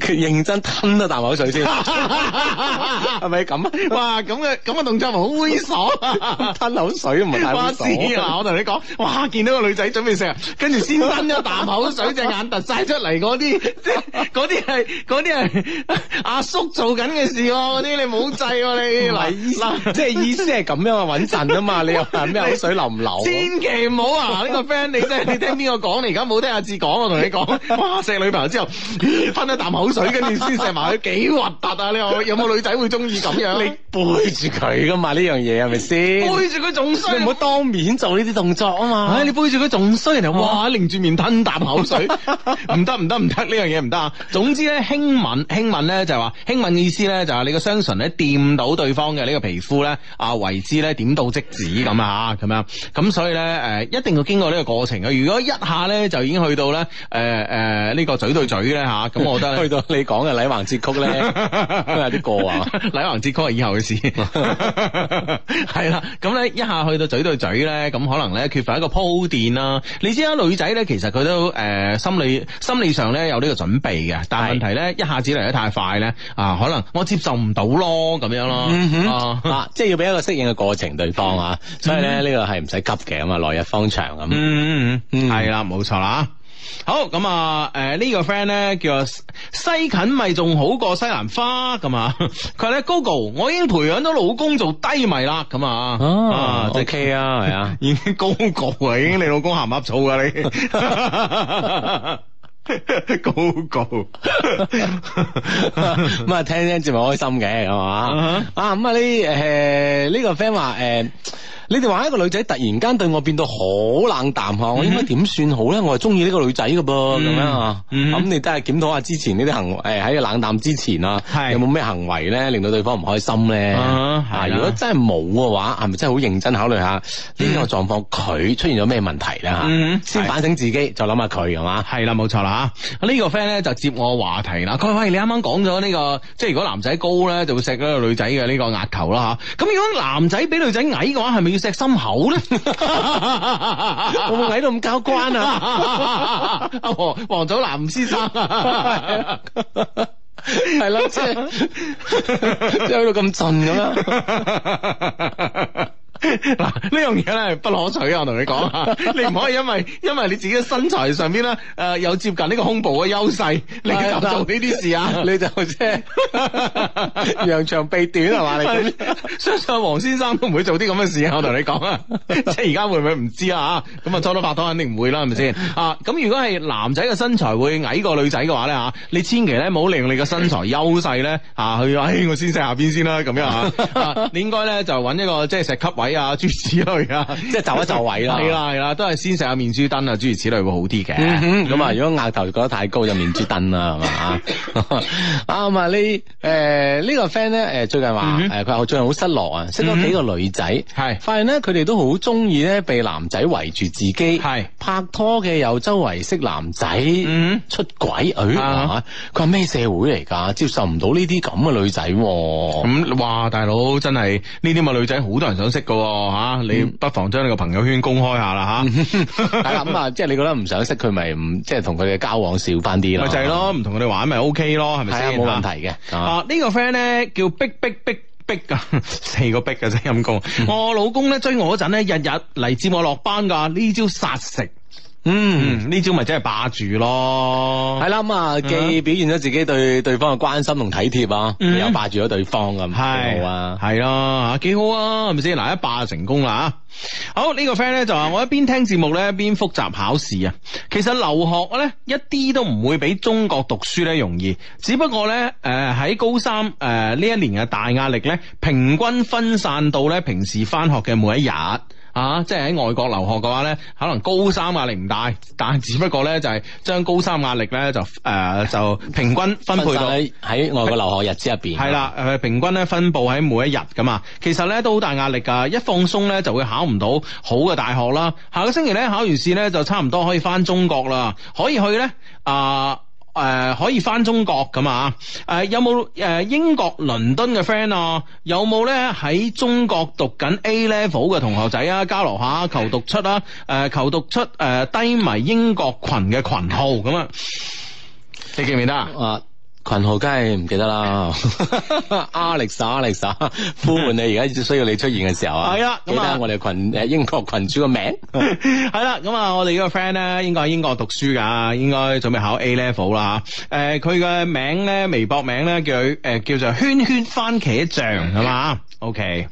S1: 前要認真吞咗啖口水先，
S2: 係
S1: 咪咁啊？哇，咁嘅咁嘅動作咪好猥瑣， <laughs> 吞口水唔係咁猥瑣。嗱，我同你講，哇，見到個女仔準備錫啊，跟住先吞咗啖口水。 <laughs> 水隻眼突晒出嚟嗰啲，即係嗰啲係嗰啲係阿叔做緊嘅事喎，嗰啲你冇制喎，你嗱，即係意思係咁 <laughs> 樣啊，穩陣啊嘛，你又咩口水流唔流、啊？千祈唔好啊！呢、呢個 friend，你真係你聽邊個講？你而家冇聽阿志講，我同你講，哇！錫女朋友之後，吞一啖口水，跟住先錫埋佢，幾核突啊！你有冇？有冇女仔會中意咁樣？你背住佢噶嘛？呢樣嘢係咪先？背住佢仲衰，你唔好當面做呢啲動作啊嘛！你背住佢仲衰，然後哇，擰住面吞啖口。唔得，唔得，唔得呢樣嘢唔得啊！總之咧，輕吻輕吻咧就係、是、話輕吻嘅意思咧就係你個雙唇咧掂到對方嘅呢個皮膚咧，啊為之咧點到即止咁啊吓，咁樣，咁所以咧誒，一定要經過呢個過程嘅，如果一下咧就已經去到咧誒誒呢個嘴對嘴咧吓，咁、啊、我覺得 <laughs> 去到你講嘅禮橫節曲咧都有啲過啊，禮 <laughs> 橫節曲係以後嘅事係啦，咁咧、啊、一下去到嘴對嘴咧，咁可能咧缺乏一個鋪墊啦。你知啦，女仔咧其實佢都誒。誒、呃，心理心理上咧有呢個準備嘅，但係問題咧是一下子嚟得太快咧，啊，可能我接受唔到咯，咁樣咯 <laughs> 啊，啊，即係要俾一個適應嘅過程對方啊， <laughs> 所以咧呢、呢個係唔使急嘅啊嘛，來日方長咁，嗯嗯嗯，係啦， <laughs> 冇錯啦。好咁啊！誒，呢個 friend 咧叫西芹，咪仲好過西蘭花咁啊？佢話咧，Google，我已經培養咗老公做低迷啦，咁啊啊，OK 啊，係、嗯、Okay. 啊，已經 Google 啊，已經 <laughs> 你老公鹹鴨醋啊，你 Google 咁啊，聽聽節目開心嘅係嘛啊？咁、呃、啊，呢誒呢個 friend 話誒。呃你哋話一個女仔突然間對我變到好冷淡、嗯、哼我應該點算好咧？我係中意呢個女仔嘅噃，咁、嗯、樣啊，咁、嗯、你都係檢討下之前呢啲行為喺個冷淡之前啊，是有冇咩行為咧令到對方唔開心咧？啊、如果真係冇嘅話，係咪真係好認真考慮下呢個狀況佢出現咗咩問題咧？嗯、哼先反省自己，就諗下佢係嘛？係啦，冇錯啦呢個 friend 咧就接我話題啦。佢，喂，你啱啱講咗呢個，即係如果男仔高咧就會錫呢個女仔嘅呢個額頭啦嚇。咁如果男仔比女仔矮嘅話，係咪？石、嗯、心口咧，我冇喺度咁交關啊！阿 <laughs> 王、啊、祖藍先生，係 <laughs> 咯、 <laughs> 啊，即係去到咁盡咁樣。嗱，呢樣嘢咧，不可取啊！我同你講啊，你唔可以因為因為你自己嘅身材上邊咧，誒有接近呢個胸部嘅優勢，你就做呢啲事啊 parole？ <laughs> 你就即係揚長避短，係嘛？你相信黃先生都唔會做啲咁嘅事，我同你講 observing 啊，即係而家會唔會唔知啊？咁啊，初到拍拖肯定唔會啦，係咪先啊？咁如果係男仔嘅身材會矮過女仔嘅話咧吓，你千祈咧冇利用你嘅身材優勢咧吓去，誒我先識下邊先啦，咁樣啊？你應該咧就揾一個即係石級位。啊，諸如此類啊，即係就一就位啦。係啦，係啦，都係先食下面珠墩啊，諸如此類會好啲嘅。咁啊，如果額頭覺得太高，就面珠墩啦，係嘛？啊咁啊，你誒呢個 friend 咧誒最近話誒佢話最近好失落啊，識咗幾個女仔，係發現咧佢哋都好中意咧被男仔圍住自己，係拍拖嘅又周圍識男仔，出軌女，佢話咩社會嚟㗎？接受唔到呢啲咁嘅女仔喎。咁話大佬真係呢啲咪女仔好多人想識個。吓、啊，你不妨將你個朋友圈公開下啦吓。係啦，咁啊，即係你覺得唔想識佢咪唔即係同佢哋交往少翻啲啦。咪就係咯，唔同佢哋玩咪 OK 咯，係咪先冇問題嘅。啊，呢個 friend 咧叫逼逼逼逼啊，四個逼嘅真陰公，嗯、我老公咧追我嗰陣咧，日日嚟接我落班噶，呢招殺食，食。嗯，呢、嗯、招咪真係霸住咯，係啦咁啊，既表現咗自己對對方嘅關心同體貼啊，嗯、又霸住咗對方咁，係啊是，係咯吓，幾好啊，係咪先？嗱、啊，一霸就成功啦吓、啊。好，呢、呢個 friend 咧就話我一邊聽節目咧，一邊複習考試啊。其實留學咧一啲都唔會比中國讀書咧容易，只不過咧誒喺高三誒呢一年嘅大壓力咧，平均分散到咧平時翻學嘅每一日。啊，即係喺外國留學嘅話呢，可能高三壓力唔大，但係只不過呢，就係、是、將高三壓力呢，就誒、呃、就平均分配到喺外國留學日子入邊。係啦，誒、呃、平均呢分布喺每一日噶嘛，其實呢都好大壓力噶，一放鬆呢就會考唔到好嘅大學啦。下個星期呢，考完試呢，就差唔多可以翻中國啦，可以去呢。啊、呃。誒、呃，可以翻中國咁啊！誒，有冇誒英國倫敦嘅 friend 啊？有冇咧喺中國讀緊 A level 嘅同學仔啊？交流下求讀出啊，誒，求讀出誒、啊呃、低迷英國群嘅群號咁啊，你記唔記得啊？群號梗係唔記得啦 <laughs> ，Alex，Alex，a a 呼喚你而家需要你出現嘅時候啊， <laughs> 了記得我哋群誒英國群主個名，係 <laughs> 啦， <laughs> 咁啊我哋呢個 friend 咧應該喺英國讀書噶，應該準備考 A level 啦誒佢嘅名咧微博名咧叫誒、呃、叫做圈圈番茄醬，係嘛 <laughs> ？OK。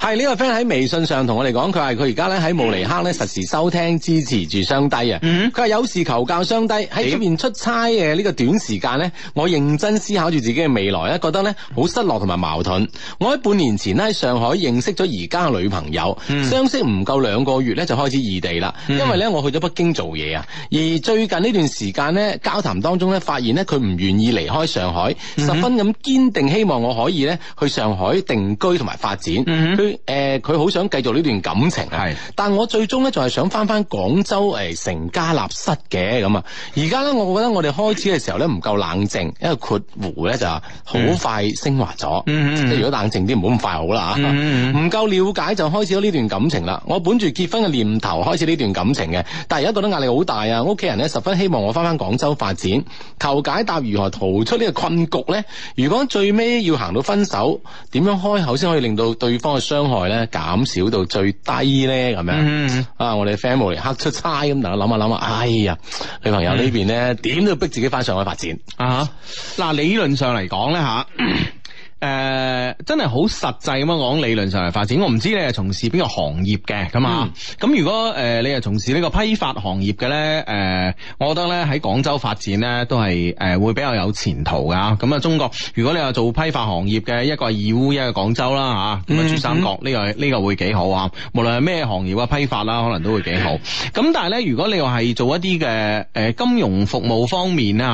S1: 係呢、個 friend 喺微信上同我哋講，佢係佢而家咧喺慕尼黑咧實時收聽支持住雙低啊！佢係、mm hmm. 有事求教雙低喺出面出差嘅呢個短時間咧，mm hmm. 我認真思考住自己嘅未來咧，覺得咧好失落同埋矛盾。我喺半年前咧喺上海認識咗而家嘅女朋友，mm hmm. 相識唔夠兩個月咧就開始異地啦，mm hmm. 因為咧我去咗北京做嘢啊。而最近呢段時間咧交談當中咧，發現咧佢唔願意離開上海，mm hmm. 十分咁堅定希望我可以咧去上海定居同埋發展。佢誒佢好想繼續呢段感情啊，是但我最終咧仲係想翻翻廣州誒、呃、成家立室嘅咁啊。而家咧，我覺得我哋開始嘅時候咧唔夠冷靜，因為括弧咧就好快升華咗。即係、mm hmm. 如果冷靜啲，唔好咁快好啦嚇。唔夠、mm hmm. <laughs> 了解就開始咗呢段感情啦。我本住結婚嘅念頭開始呢段感情嘅，但係而家覺得壓力好大啊！屋企人咧十分希望我翻翻廣州發展，求解答如何逃出呢個困局咧？如果最尾要行到分手，點樣開口先可以令到對方？傷害咧減少到最低咧咁樣啊！我哋 family 黑出差咁，大家諗下諗下，哎呀，女朋友呢邊咧點都要逼自己翻上海發展啊，哈啊！嗱，理論上嚟講咧吓。嗯誒、呃，真係好實際咁樣講，理論上嚟發展，我唔知你係從事邊個行業嘅咁、嗯、啊。咁如果誒、呃、你係從事呢個批發行業嘅呢，誒、呃，我覺得呢喺廣州發展呢都係誒、呃、會比較有前途噶。咁啊，中國如果你係做批發行業嘅，一個係義烏一個廣州啦吓，咁啊珠、啊、三角呢、呢個呢、呢個會幾好啊。無論係咩行業啊，批發啦，可能都會幾好。咁、嗯、但係呢，如果你話係做一啲嘅誒金融服務方面咧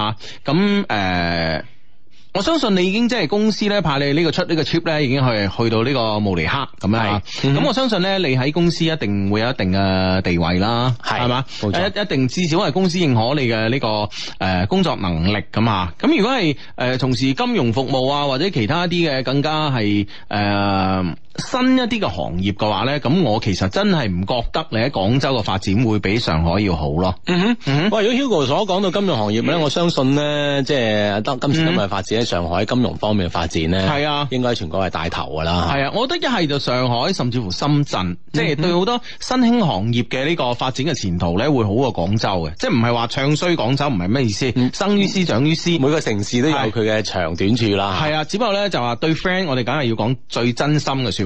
S1: 咁誒。啊啊啊啊啊啊啊我相信你已經即係公司咧派你呢個出呢個 trip 咧，已經去去到呢個慕尼黑咁樣咁、嗯、我相信咧，你喺公司一定會有一定嘅地位啦，係嘛？一一定至少係公司認可你嘅呢、這個誒、呃、工作能力咁啊。咁如果係誒、呃、從事金融服務啊，或者其他一啲嘅更加係誒。呃新一啲嘅行業嘅話呢，咁我其實真係唔覺得你喺廣州嘅發展會比上海要好咯。嗯嗯、喂，如果 Hugo 所講到金融行業呢，嗯、哼我相信呢，即係今次今日發展喺、嗯、哼上海金融方面嘅發展呢，係啊、嗯哼，應該全國係帶頭噶啦。係啊，我覺得一係就上海，甚至乎深圳，嗯、哼即係對好多新興行業嘅呢個發展嘅前途呢，會好過廣州嘅。即係唔係話唱衰廣州，唔係咩意思？生於斯，長於斯，每個城市都有佢嘅長短處啦。係是啊，只不過呢，就話對 friend，我哋梗係要講最真心嘅說。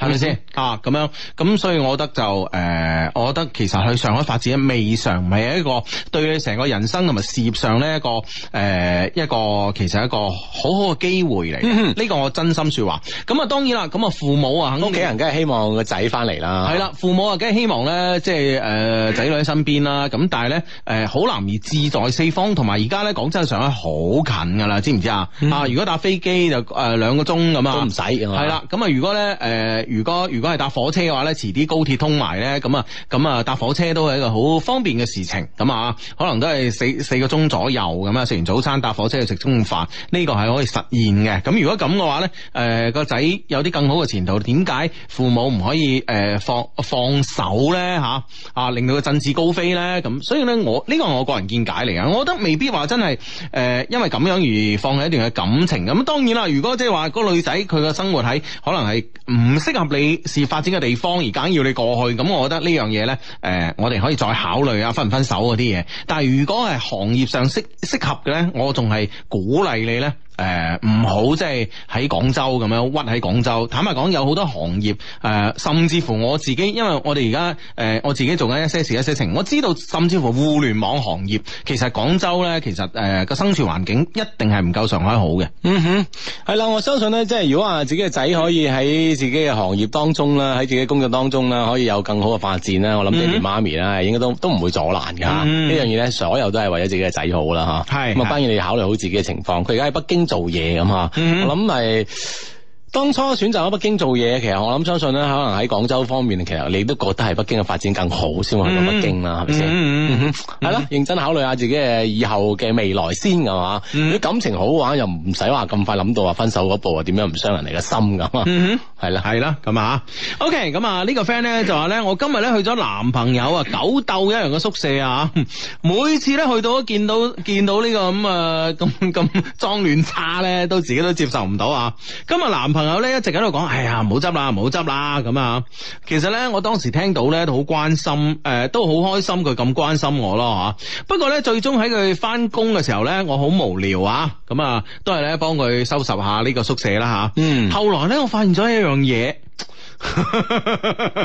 S1: 係咪先啊？咁樣咁，所以我覺得就誒、呃，我覺得其實去上海發展未嘗唔係一個對你成個人生同埋事業上咧一個誒、呃、一個其實一個好好嘅機會嚟。呢個、嗯、哼 我真心說話。咁啊，當然啦，咁啊，父母啊，屋企人梗係希望個仔翻嚟啦。係啦，父母啊，梗係希望咧，即係誒仔女喺身邊啦。咁但係咧，誒好難而志在四方。同埋而家咧，廣州上海好近噶啦，知唔知啊？嗯、哼 啊，如果搭飛機就誒兩個鐘咁啊，都唔使。係啦，咁啊，如果咧誒。呃如果如果係搭火車嘅話咧，遲啲高鐵通埋咧，咁啊咁啊搭火車都係一個好方便嘅事情。咁啊，可能都係四四個鐘左右咁啊，食完早餐搭火車去食中午飯，呢個係可以實現嘅。咁如果咁嘅話咧，誒個仔有啲更好嘅前途，點解父母唔可以誒、呃、放放手咧吓啊，啊，令到佢振翅高飛咧咁？所以咧，我呢、這個係我個人見解嚟啊！我覺得未必話真係誒、呃、因為咁樣而放棄一段嘅感情。咁當然啦，如果即係話個女仔佢嘅生活喺可能係唔適合。合你事業發展嘅地方，而梗要你過去，咁我覺得呢樣嘢咧，誒、呃，我哋可以再考慮啊，分唔分手嗰啲嘢。但係如果係行業上適適合嘅咧，我仲係鼓勵你咧。誒，唔好即係喺廣州咁樣屈喺廣州。坦白講，有好多行業誒、呃，甚至乎我自己，因為我哋而家誒，我自己做緊一些事一些情，我知道甚至乎互聯網行業其實廣州呢，其實誒個、呃、生存環境一定係唔夠上海好嘅。嗯哼，係啦，我相信呢，即係如果話自己嘅仔可以喺自己嘅行業當中啦，喺自己嘅工作當中啦，可以有更好嘅發展啦，嗯、哼我諗爹哋媽咪呢應該都都唔會阻攔㗎。呢樣嘢呢，所有都係為咗自己嘅仔好啦嚇。係咁啊，當然你考慮好自己嘅情況，佢而家喺北京。做嘢咁吓，我諗係。當初選擇喺北京做嘢，其實我諗，相信咧，可能喺廣州方面，其實你都覺得係北京嘅發展更好，先會去到北京啦，係咪
S2: 先？
S1: 係啦，嗯嗯、吧認真考慮下自己嘅以後嘅未來先，係嘛、嗯？如果感情好嘅話，又唔使話咁快諗到話分手嗰步、嗯嗯、吧啊，點樣唔傷人哋嘅心咁啊？係啦，係啦，咁啊，OK，咁啊呢個 friend 咧就話咧，我今日咧去咗男朋友啊狗竇一樣嘅宿舍啊，每次咧去到一見到見到呢、這個咁啊咁咁髒亂差咧，都自己都接受唔到啊！今日男朋友朋友咧一直喺度講，哎呀，唔好執啦，唔好執啦咁啊！其實咧，我當時聽到咧都好關心，誒、呃，都好開心佢咁關心我咯，吓。不過咧，最終喺佢翻工嘅時候咧，我好無聊啊，咁啊，都係咧幫佢收拾下呢個宿舍啦吓。嗯。後來咧，我發現咗一樣嘢。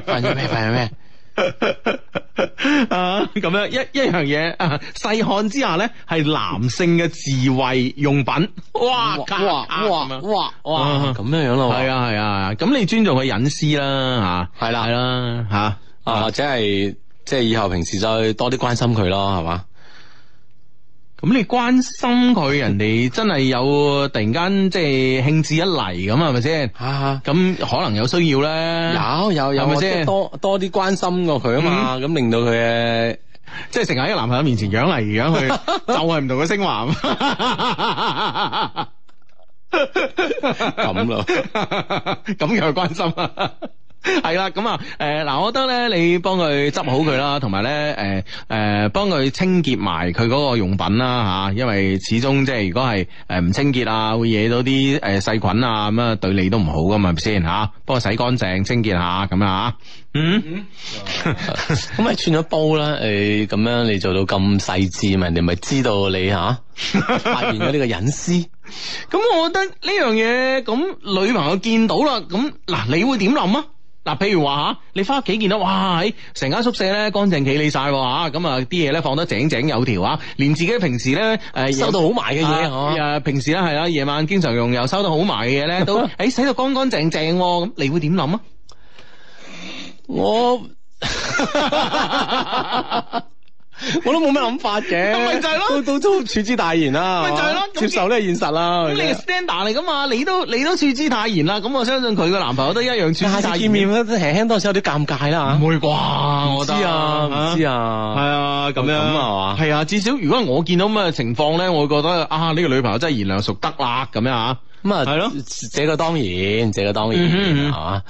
S1: 發現咩？發現咩？ <laughs> 啊，咁樣一一樣嘢，細、啊、看之下咧係男性嘅自慰用品，哇，
S2: 卡卡啊、哇，哇，哇，
S1: 咁樣樣咯，係啊，係啊，咁、啊啊啊、你尊重佢隱私啦，吓，係啦，係啦，吓，或者係即係以後平時再多啲關心佢咯，係嘛。咁、嗯、你關心佢，人哋真係有突然間即係興致一嚟咁係咪先？啊，咁可能有需要咧。有有有，咪先吧多多啲關心過佢啊嘛？咁、嗯、令到佢即係成日喺個男朋友面前養嚟養去， <laughs> 就係唔同嘅聲華。咁 <laughs> 咯 <laughs> <laughs> 吧，咁又 <laughs> 關心。 <laughs> 係啦，咁啊，誒嗱，我覺得咧，你幫佢執好佢啦，同埋咧，誒誒，幫佢清潔埋佢嗰個用品啦，吓，因為始終即係如果係誒唔清潔啊，會惹到啲誒細菌啊，咁啊，對你都唔好噶嘛，咪先吓，幫佢洗乾淨，清潔下咁啊，嗯，咁咪串咗煲啦，誒，咁樣你做到咁細致，人哋咪知道你吓，發現咗呢個隱私。咁我覺得呢樣嘢，咁女朋友見到啦，咁嗱，你會點諗啊？嗱，譬如話吓，你翻屋企見到，哇，成間宿舍咧乾淨企理晒喎，吓，咁啊啲嘢咧放得井井有條啊，連自己平時咧誒、呃、收到好埋嘅嘢嗬，啊，平時咧係啦，夜晚經常用又收到好埋嘅嘢咧，都誒、 <laughs> 哎、洗到乾乾淨淨，咁、啊、你會點諗啊？我。 <laughs> <laughs> <laughs> 我都冇咩諗法嘅，咪就到到都處之大然啦，係嘛、 <laughs> 啊？接受呢個現實啦。咁 <laughs> 你係 standard 嚟㗎嘛？你都你都處之泰然啦。咁我相信佢個男朋友都一樣處之泰然啦。第一次見面咧，輕輕多少有啲尷尬啦。唔會啩？唔知啊？唔知啊？係啊，咁、啊啊啊、樣係嘛？係啊，至少如果我見到咁嘅情況咧，我會覺得啊，呢、這個女朋友真係賢良淑德啦，咁樣嚇、啊。咁、嗯嗯嗯嗯、啊，係咯、嗯啊，這個當然，這個當然，係嘛，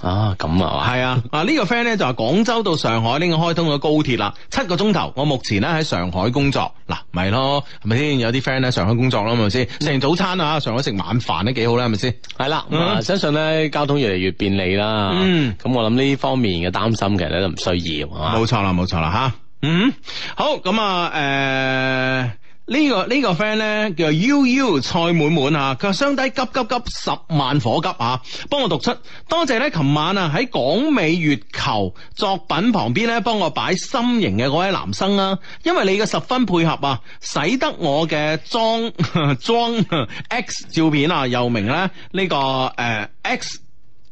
S1: 啊，咁啊，係啊，啊呢個 friend 咧就話、是、廣州到上海已經開通咗高鐵啦，七個鐘頭。我目前咧喺上海工作，嗱、啊，咪咯，係咪先？有啲 friend 咧上海工作啦，係咪先？食完早餐啊，上海食晚飯都幾好啦，係咪先？係啦、嗯嗯嗯，相信咧交通越嚟越便利啦。嗯，嗯，咁我諗呢方面嘅擔心呢，其實咧都唔需要，係冇錯啦，冇錯啦，吓，嗯，嗯，好，咁啊，誒、呃。呢個呢個 friend 呢，叫做 U U 蔡滿滿啊，佢話雙腿急急急十萬火急啊！幫我讀出，多謝呢，琴晚啊喺港美月球作品旁邊呢，幫我擺心形嘅嗰位男生啊，因為你嘅十分配合啊，使得我嘅裝裝 X 照片啊，又明呢，呢、呢個誒、呃、X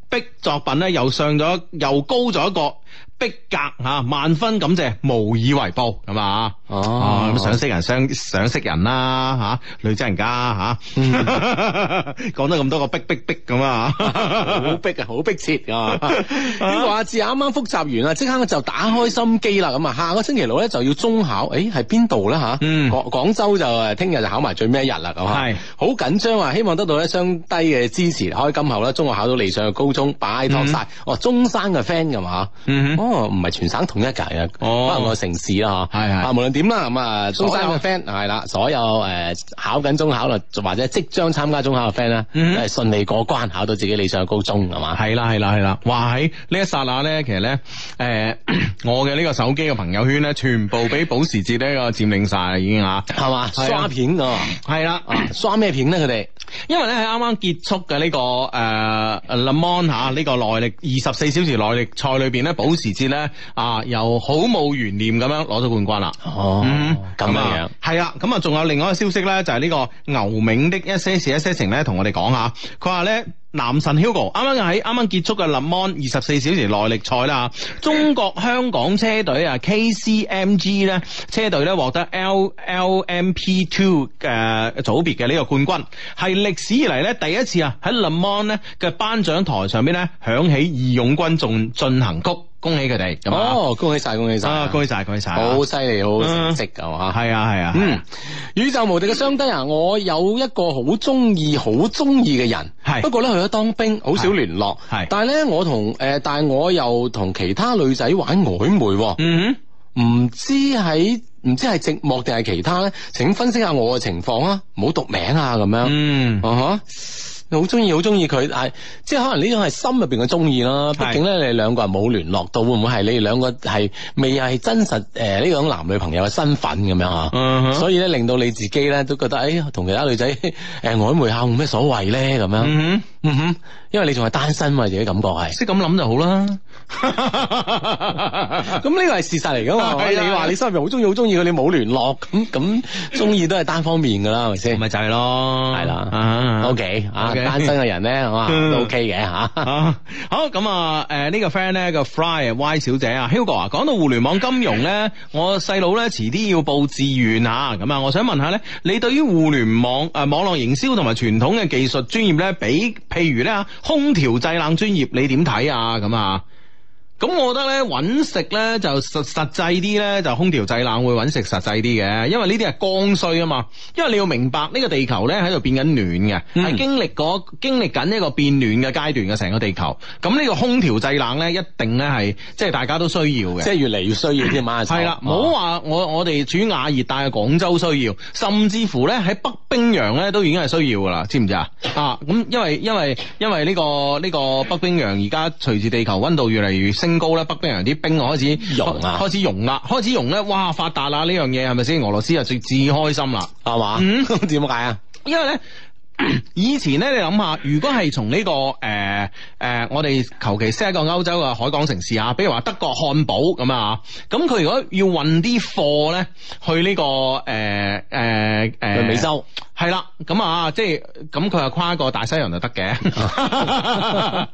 S1: 逼作品呢，又上咗又高咗一個逼格嚇，萬分感謝，無以為報咁、嗯、啊！哦，想識人想想識人啦嚇，女仔人家嚇，講得咁多個逼逼逼咁啊！好逼、嗯、哼 <laughs> 啊，好逼切啊！咁阿志啱啱複習完啊，即刻就打開心機啦。咁啊，下個星期六咧就要中考，誒係邊度咧嚇？廣廣州就誒聽日就考埋最咩日啦，咁嘛、um？好緊張啊！希望得到一雙低嘅支持，開金口啦，中學考到理想嘅高中，拜託晒，我中山嘅 friend 係嘛？嗯哼。唔係、哦、全省統一啊，可能個城市啦嗬。係係、哦。無論點啦，咁啊，中山嘅 friend 係啦，所有誒、呃、考緊中考啦，或者即將參加中考嘅 friend 咧，都係順利過關，考到自己理想嘅高中，係嘛？係啦係啦係啦。哇，喺呢一剎那咧，其實咧，誒、呃，我嘅呢個手機嘅朋友圈咧，全部俾保時捷呢個佔領晒啦，已經啊，係嘛的？刷片哦，係啦的、啊，刷咩片咧？佢哋？因為咧喺啱啱結束嘅呢、這個誒勒芒吓呢個耐力二十四小時耐力賽裏邊咧，保時捷咧啊，又好冇懸念咁樣攞到冠軍啦。哦，咁、嗯、樣係啊，咁啊，仲有另外一個消息咧，就係、是、呢個牛銘的一些事一些情咧，同我哋講下。佢話咧。男神 Hugo，啱啱喺啱啱結束嘅 Le Mans 二十四小時耐力賽啦，中國香港車隊啊 KCMG 咧車隊咧獲得 L LMP2 嘅、呃、組別嘅呢個冠軍，係歷史以嚟咧第一次啊喺 Le Mans 咧嘅頒獎台上邊咧響起義勇軍進進行曲。恭喜佢哋咁哦，恭喜晒，恭喜晒、哦，恭喜晒，恭喜晒，好犀利，好成績噶吓，係啊，係啊。啊啊啊嗯，宇宙無敵嘅雙低啊！我有一個好中意、好中意嘅人，係是不過咧去咗當兵，好少聯絡。係是、呃，但係咧我同誒，但係我又同其他女仔玩曖昧。啊、嗯唔哼知喺唔知係寂寞定係其他咧？請分析下我嘅情況啊！唔好讀名啊，咁樣。嗯，嗯好中意，好中意佢，但係即係可能種是呢種係心入邊嘅中意啦。畢竟咧，你哋兩個人冇聯絡到，會唔會係你哋兩個係未係真實誒呢、呃、種男女朋友嘅身份咁樣吓？Uh huh. 所以咧令到你自己咧都覺得，哎同其他女仔誒曖昧下冇咩所謂咧咁樣。嗯哼、uh，huh. 因為你仲係單身嘛、啊，自己感覺係。識咁諗就好啦。咁呢個係事實嚟噶嘛？你話你雖然好中意，好中意佢，你冇聯絡，咁咁中意都係單方面噶啦，咪先 <laughs> 的？咪就係咯，係啦，OK 啊，單身嘅人咧，係嘛 <laughs> 都 OK 嘅吓。 <laughs> <laughs> 好，咁、嗯、啊，誒、這個、呢、這個 friend 咧個 Fly Y 小姐啊 Hugo 啊，講到互聯網金融咧，我細佬咧遲啲要報志願啊。咁、嗯、啊，我想問下咧，你對於互聯網誒、呃、網絡營銷同埋傳統嘅技術專業咧，比譬如咧空調製冷專業，你點睇啊？咁啊？啊啊咁我覺得咧揾食咧就實實際啲咧，就空調製冷會揾食實際啲嘅，因為呢啲係剛需啊嘛。因為你要明白呢、這個地球咧喺度變緊暖嘅，係、嗯、經歷過經歷緊呢個變暖嘅階段嘅成個地球。咁呢個空調製冷咧一定咧係即係大家都需要嘅，即係越嚟越需要添。馬上係啦，唔好 <coughs> 話、啊、我我哋處於亞熱帶嘅廣州需要，甚至乎咧喺北冰洋咧都已經係需要噶啦，知唔知啊？啊，咁因為因為因為呢、這個呢、這個北冰洋而家隨住地球溫度越嚟越升高啦，北冰洋啲冰開，啊、開始融啊，開始融啦，開始融咧，哇，發達啦呢樣嘢係咪先？俄羅斯啊最最開心啦，係嘛吧？點解啊？ <laughs> 為麼因為咧，以前咧，你諗下，如果係從呢個誒誒、呃呃，我哋求其 set 一個歐洲嘅海港城市啊，比如話德國漢堡咁啊，咁佢如果要運啲貨咧去呢、這個誒誒誒美洲，係啦，咁啊，即係咁佢就跨過大西洋就得嘅。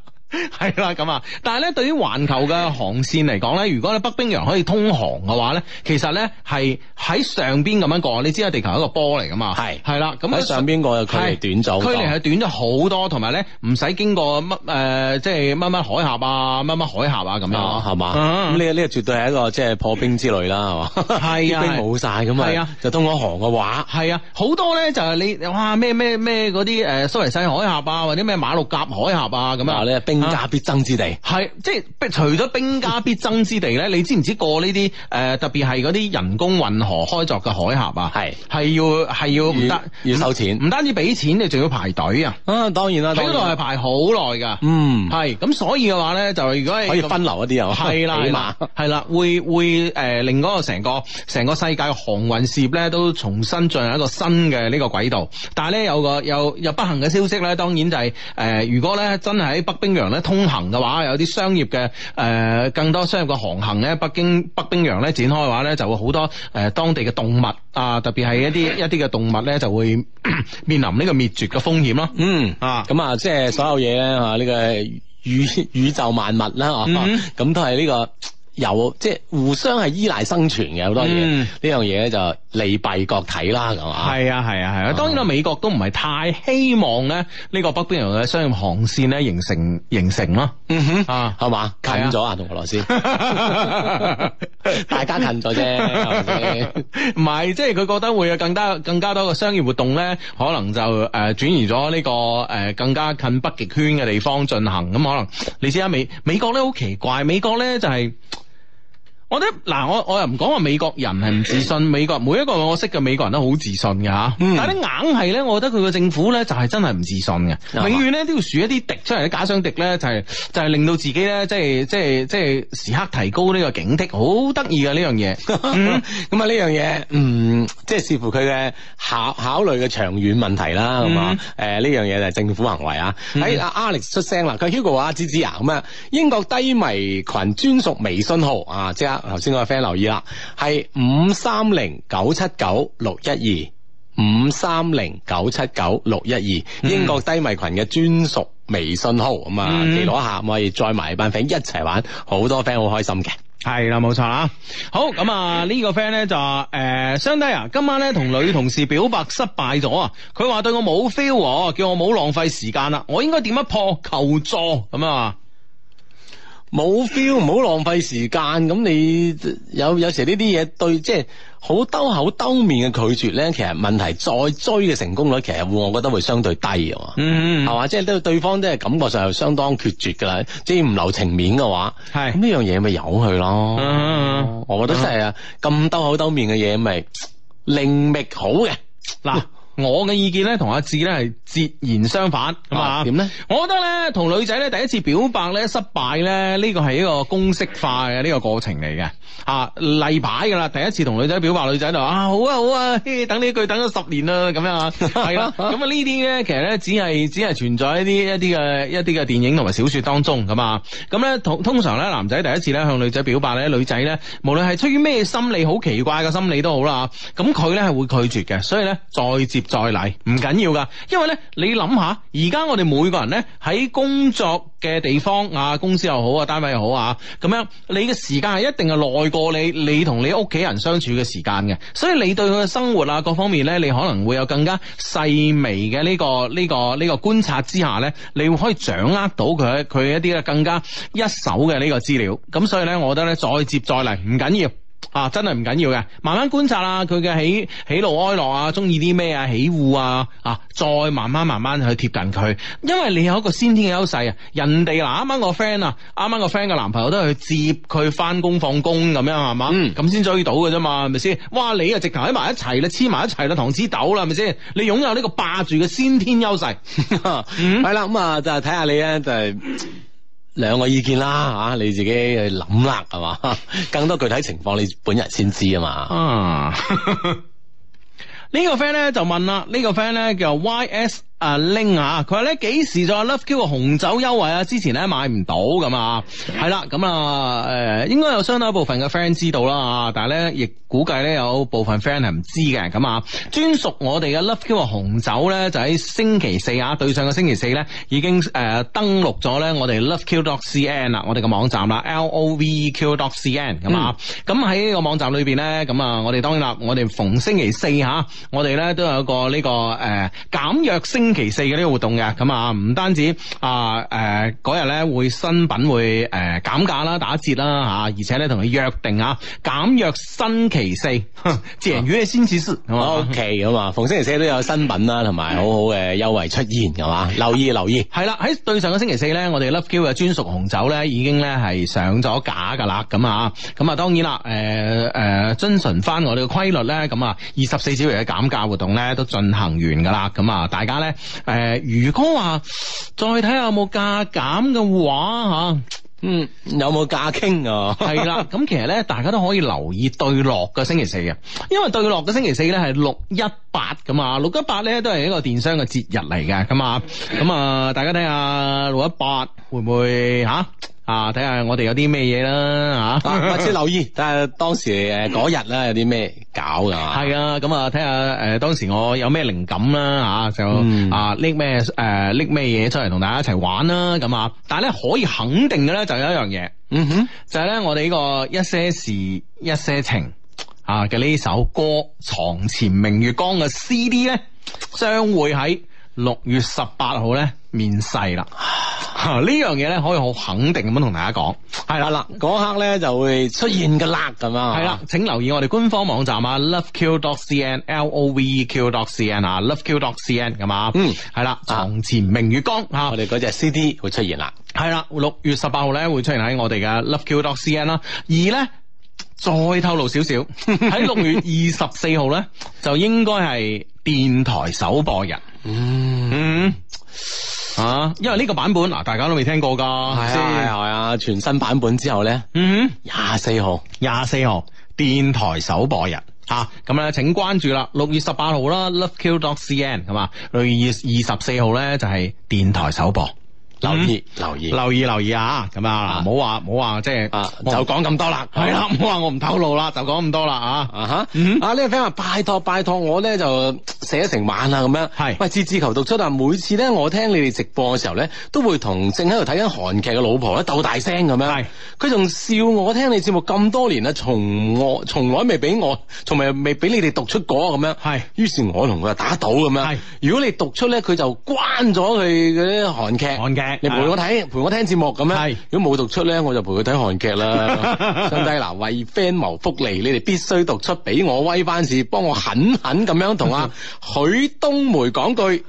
S1: 係啦，咁啊，但係咧，對於環球嘅航線嚟講咧，如果你北冰洋可以通航嘅話咧，其實咧係喺上邊咁樣過。你知啦，地球係一個波嚟噶嘛，係係啦，咁喺上邊過，距離短咗，距離係短咗好多，同埋咧唔使經過乜誒，即係乜乜海峽啊，乜乜海峽啊，咁樣係嘛，呢個呢個絕對係一個即係破冰之旅啦，係嘛，啲冰冇晒咁啊，就通咗航嘅話，係啊，好多咧就係你哇咩咩咩嗰啲誒蘇眉西海峽啊，或者咩馬六甲海峽啊咁啊，兵家必爭之地，係即係除咗兵家必爭之地咧，你知唔知過呢啲誒？特別係嗰啲人工運河開鑿嘅海峽啊，係係要係要唔得，要收錢，唔單止俾錢，你仲要排隊啊！啊，當然啦，喺度係排好耐噶，嗯，係咁，所以嘅話咧，就如果可以分流一啲又係啦，係啦，會會誒令嗰個成個成個世界航運事業咧都重新進入一個新嘅呢個軌道。但係咧有個有又不幸嘅消息咧，當然就係誒，如果咧真係喺北冰洋。通行嘅話，有啲商業嘅誒、呃，更多商業嘅航行咧，北京北冰洋咧展開嘅話咧，就會好多誒、呃，當地嘅動物啊，特別係一啲一啲嘅動物咧，就會面臨呢個滅絕嘅風險咯。嗯啊，咁啊，即係所有嘢咧啊，呢個宇宇宙萬物啦，哦、啊，咁、嗯啊、都係呢個。有即係互相係依賴生存嘅好多嘢，呢樣嘢咧就利弊各體啦，咁嘛？係啊，係啊，係啊！啊嗯、當然啦，美國都唔係太希望咧呢、這個北冰洋嘅商業航線咧形成形成咯，嗯、啊，係嘛吧？近咗啊，同、啊、俄羅斯， <laughs> 大家近咗啫，唔係， <laughs> <laughs> <laughs> 即係佢覺得會有更加更加多嘅商業活動咧，可能就誒轉移咗呢個誒更加近北極圈嘅地方進行咁、嗯、可能你知啦，美美國咧好奇怪，美國咧就係、是就是。我覺得，嗱，我我又唔講話美國人係唔自信，美國每一個我識嘅美國人都好自信嘅，吓，但係咧硬係咧，我覺得佢個政府咧就係真係唔自信嘅，永遠咧都要樹一啲敵出嚟，就是，假想敵咧就係就係令到自己咧即係即係即係時刻提高呢個警惕，好得意嘅呢樣嘢。咁啊呢樣嘢，嗯，即係視乎佢嘅考考慮嘅長遠問題啦，咁啊誒呢樣嘢就係政府行為，嗯嗯哎、Hugo，啊。喺阿 Alex 出聲啦，佢 Hugo 話：芝芝啊，咁啊，英國低迷群專屬微信號啊，即係。頭先嗰個 friend 留意啦，係五三零九七九六一二五三零九七九六一二，12, 12, 嗯、英國低迷群嘅專屬微信號，咁啊記錄一下，嗯、可以載埋班 friend 一齊玩，好多 friend 好開心嘅。係啦，冇錯啦。好，咁啊呢、這個 friend 咧就誒，兄、呃、弟啊，今晚咧同女同事表白失敗咗啊，佢話對我冇 feel，叫我冇浪費時間啦、啊，我應該點樣破求助咁啊？冇 feel，唔好浪費時間。咁你有有時呢啲嘢對，即係好兜口兜面嘅拒絕咧，其實問題再追嘅成功率，其實會我覺得會相對低嘅嗯，嗯，嗯，係嘛，即係都對方都係感覺上係相當決絕噶啦，即係唔留情面嘅話，係呢樣嘢咪由佢咯。嗯嗯嗯我覺得真係啊，咁兜口兜面嘅嘢咪另覓好嘅嗱。我嘅意見咧，同阿志咧係截然相反，咁啊點咧？呢我覺得咧，同女仔咧第一次表白咧失敗咧，呢個係一個公式化嘅呢個過程嚟嘅，啊例牌噶啦，第一次同女仔表白女，女仔就話，好啊好啊，等呢句等咗十年啦，咁樣係啦。咁啊呢啲咧，其實咧只係只係存在一啲一啲嘅一啲嘅電影同埋小說當中，咁啊咁咧通通常咧男仔第一次咧向女仔表白咧，女仔咧無論係出於咩心理，好奇怪嘅心理都好啦，咁佢咧係會拒絕嘅，所以咧再接。再嚟唔緊要噶，因為呢，你諗下，而家我哋每個人呢喺工作嘅地方啊，公司又好啊，單位又好啊，咁樣你嘅時間係一定係耐過你你同你屋企人相處嘅時間嘅，所以你對佢嘅生活啊各方面呢，你可能會有更加細微嘅呢個呢個呢個觀察之下呢，你會可以掌握到佢佢一啲嘅更加一手嘅呢個資料，咁所以呢，我覺得呢，再接再嚟唔緊要。啊，真係唔緊要嘅，慢慢觀察啦，啊，佢嘅喜喜怒哀樂啊，中意啲咩啊，喜惡啊，啊，再慢慢慢慢去貼近佢，因為你有一個先天嘅優勢啊，人哋嗱啱啱個 friend 啊，啱啱個 friend 嘅男朋友都係去接佢翻工放工咁樣係嘛，咁先追到嘅啫嘛，係咪先？哇，你啊直頭喺埋一齊啦，黐埋一齊啦，糖絲豆啦，係咪先？你擁有呢個霸住嘅先天優勢，係啦，咁啊就睇下你啊，就係。兩個意見啦吓，你自己去諗啦，係嘛？更多具體情況你本人先知啊嘛。嗯， <laughs> 呢個 friend 咧就問啦，這個、呢個 friend 咧叫 Y.S。啊拎、uh, 啊！佢話咧幾時再 LoveQ 嘅紅酒優惠啊？之前咧買唔到咁啊，係啦，咁啊，誒，應該有相當一部分嘅 friend 知道啦啊，但係咧，亦估計咧有部分 friend 係唔知嘅，咁啊，專屬我哋嘅 LoveQ 嘅紅酒咧，就喺星期四啊，對上個星期四咧，已經誒、呃、登錄咗咧我哋 LoveQ.CN dot 啦，我哋嘅網站啦、嗯，L.O.V.E.Q.C.N. 咁啊，咁喺呢個網站裏邊咧，咁啊，我哋當然啦，我哋逢星期四吓、啊，我哋咧都有個呢、這個誒減、呃、弱升。星期四嘅呢個活動嘅咁啊，唔單止啊誒嗰日咧會新品會誒減價啦、打折啦吓，而且咧同佢約定啊，減約星期四，自然雨嘅先至，係嘛。O K 咁啊、哦、okay, 逢星期四都有新品啦，同埋好好嘅優惠出現係嘛，留意留意。係啦、啊，喺對上個星期四咧，我哋 Love Q 嘅專屬紅酒咧已經咧係上咗架噶啦，咁啊，咁啊，當然啦，誒、呃、誒、呃，遵循翻我哋嘅規律咧，咁啊，二十四小時嘅減價活動咧都進行完噶啦，咁啊，大家咧。誒、呃，如果再看看有有話再睇下有冇價減嘅話吓，啊、嗯，有冇價傾啊？係 <laughs> 啦，咁其實咧，大家都可以留意對落嘅星期四嘅，因為對落嘅星期四咧係六一八㗎嘛，六一八咧都係一個電商嘅節日嚟嘅，咁啊，咁啊，大家睇下六一八會唔會吓？啊啊！睇下我哋有啲咩嘢啦，吓，或者留意睇下當時誒嗰日咧有啲咩搞噶，係 <laughs> 啊！咁啊，睇下誒當時我有咩靈感啦，吓、啊、就、嗯、啊拎咩誒拎咩嘢出嚟同大家一齊玩啦，咁啊！但係咧可以肯定嘅咧就有一樣嘢，嗯哼，就係咧我哋呢、呢個一些事一些情啊嘅呢首歌《床前明月光》嘅 C D 咧，將會喺。六月十八號咧，面世啦！呢樣嘢咧，可以好肯定咁樣同大家講，係啦啦，嗰刻咧就會出現噶啦咁啊！係啦，請留意我哋官方網站啊，loveq.c.n，l o v e q.c.n 啊，loveq.c.n 係嘛？N, N, 嗯，係啦的，床前明月光啊！我哋隻 CD 會出現啦，係啦，六月十八號咧會出現喺我哋嘅 loveq.c.n 啦，而咧。再透露少少，喺六 <laughs> 月二十四號咧就應該係電台首播日。嗯，嗯，啊，因為呢個版本嗱、啊，大家都未聽過噶，係係啊，先啊，啊，全新版本之後咧，嗯，廿四號，廿四號電台首播日，吓、嗯，咁啊，請關注啦，六月十八號啦 LoveQ.cn 係嘛，六月二十四號咧就係、是、電台首播。留意留意留意留意啊！咁啊，唔好話唔好話，即係就講咁多啦。係啦，唔好話我唔透露啦，就講咁多啦啊！啊，呢位 friend 拜託拜託，我咧就寫咗成晚啊，咁樣係。喂，字字求讀出啊！但每次咧我聽你哋直播嘅時候咧，都會同正喺度睇緊韓劇嘅老婆咧鬥大聲咁樣，係。佢仲笑我聽你節目咁多年啊，從我從來未俾我，從來未俾你哋讀出過咁樣，係。於是我同佢打賭咁樣，係。如果你讀出咧，佢就關咗佢嗰啲韓劇，韓劇。你陪我睇，陪我聽節目咁咩？是如果冇讀出咧，我就陪佢睇韓劇啦。 <laughs> 上帝嗱，為 fan 謀福利，你哋必須讀出俾我威翻士，幫我狠狠咁樣同阿許冬梅講句。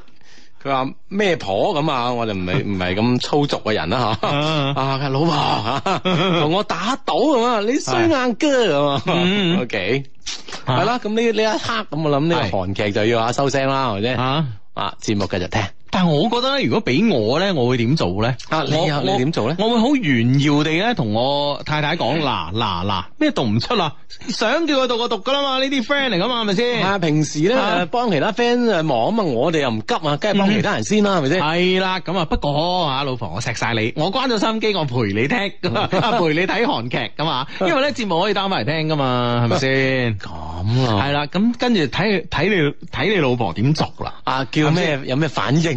S1: 佢話咩婆咁啊？我哋唔係唔係咁粗俗嘅人啦、啊、吓。 <laughs> <laughs> 啊，老婆同我打賭係嘛？你衰眼架係嘛？O K，係啦。咁呢呢一刻咁我諗呢、這個韓劇就要收聲啦，係咪 <laughs> <laughs> 啊節目繼續聽。但係我覺得咧，如果俾我咧，我會點做咧？啊，你啊我你點做咧？我會好炫耀地咧，同我太太講：嗱嗱嗱，咩、啊啊、讀唔出啊？想叫佢讀我讀噶啦嘛，呢啲 friend 嚟噶嘛，係咪先？啊，平時咧幫、啊、其他 friend 誒忙啊嘛，我哋又唔急啊，梗係幫其他人先啦，係咪先？係啦，咁啊，不過吓老婆，我錫晒你，我關咗心機，我陪你聽， <laughs> 陪你睇韓劇咁啊，因為咧節目可以 download 嚟聽噶嘛，係咪先？咁啊，係啦、啊，咁跟住睇睇你睇你老婆點做啦？是是啊，叫咩？有咩反應？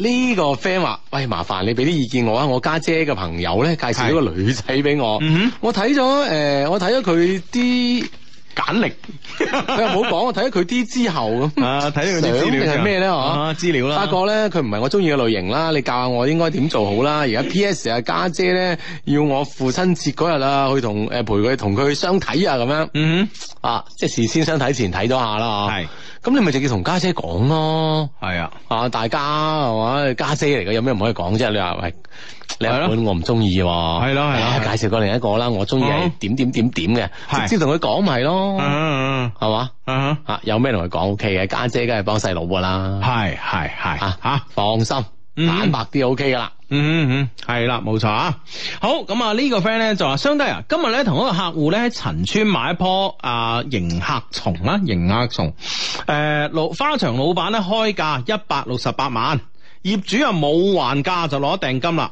S1: 呢個 friend 話：「喂，麻煩你俾啲意見我啊！我家姐嘅朋友咧，介紹咗個女仔俾我，嗯哼。我睇咗，誒、呃，我睇咗佢啲簡歷，佢又唔好講，我睇咗佢啲之後咁。 <laughs> 啊，睇咗佢啲資料係咩咧？嗬，資料啦。發覺咧佢唔係我中意嘅類型啦，你教下我應該點做好啦。而家 P.S. 啊家姐咧要我父親節嗰日啊去同誒陪佢同佢去相睇啊咁樣。嗯哼啊即係事先相睇前睇多下啦。係是，咁你咪直接同家姐講咯。係啊，啊大家係嘛，家姐嚟嘅，有咩唔可以講啫？你話喂。兩 <music> 本我唔中意，係咯係咯。介紹過另一個啦，我中意係點點點點嘅，的直接同佢講咪咯，係嘛吓？有咩同佢講？O K 嘅家姐，姐幫弟弟，梗係幫細佬噶啦，係係係吓吓，啊、放心，坦白啲 O K 噶啦，嗯嗯嗯，係啦，冇錯啊。好咁啊，呢個 friend 咧就話相低啊，今日咧同一個客戶咧喺陳村買一棵啊迎、呃、客松啦、啊，迎客松，誒、呃、老花場老闆咧開價一百六十八萬，業主啊冇還價就攞訂金啦。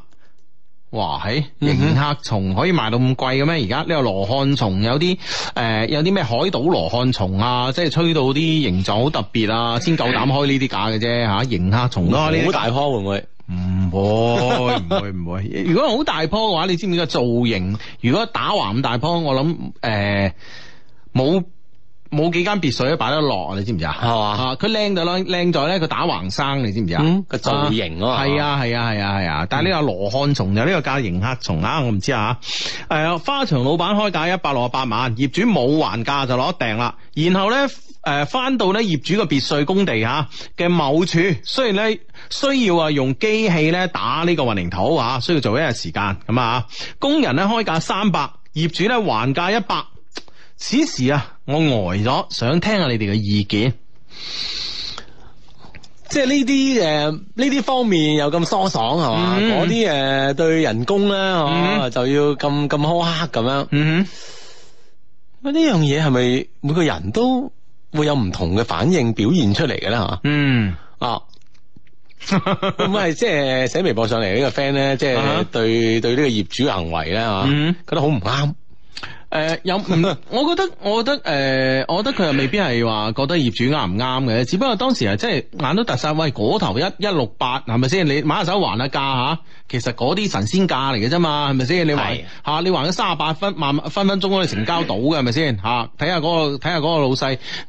S1: 哇！喺迎客松可以賣到咁貴嘅咩？而家呢個羅漢松有啲誒，有啲咩、呃、海島羅漢松啊？即係吹到啲形狀好特別啊，先夠膽開呢啲價嘅啫吓！迎客松、啊、你好不大棵不會唔會？唔會唔會唔會。 <laughs> 如果好大棵嘅話，你知唔知個造型？如果打橫咁大棵，我諗誒冇。呃冇幾間別墅都知知啊，擺得落你知唔知啊？係嘛，佢靚在咧，靚在咧，佢打橫生，你知唔知、嗯、型啊？個造型啊嘛，係啊，係啊，係啊，係啊，啊，啊。但係呢個羅漢松就呢、嗯、個價型客松啊，我唔知啊。誒，花場老闆開價一百六十八萬，業主冇還價就攞定啦。然後咧，誒、呃，翻到咧業主個別墅工地吓嘅某處，雖然咧需要啊用機器咧打呢個混凝土啊，需要做一日時間咁啊。工人咧開價三百，業主咧還價一百。此時啊，我呆咗，想聽下你哋嘅意見。即係呢啲誒，呢啲方面又咁疏爽係嘛？嗰啲誒，對人工咧、mm hmm. 啊，就要咁咁苛刻咁樣。嗯哼、mm。咁、hmm. 呢樣嘢係咪每個人都會有唔同嘅反應表現出嚟嘅咧？吓、mm，嗯、hmm.，啊，咁係，即係寫微博上嚟呢個 friend 咧，即係、uh huh. 對對呢個業主行為咧，吓、mm，hmm. 覺得好唔啱。誒、呃，有唔、嗯？我覺得，我覺得，誒、呃，我覺得佢又未必係話覺得業主啱唔啱嘅。只不過當時係即係眼都突晒，喂，嗰頭一一六八係咪先？你買下手還下價吓、啊，其實嗰啲神仙價嚟嘅啫嘛，係咪先？你還吓是、啊，你還咗三十八分，萬分分鐘可以成交到嘅，係咪先？吓、啊，睇下嗰個，睇下嗰個老細，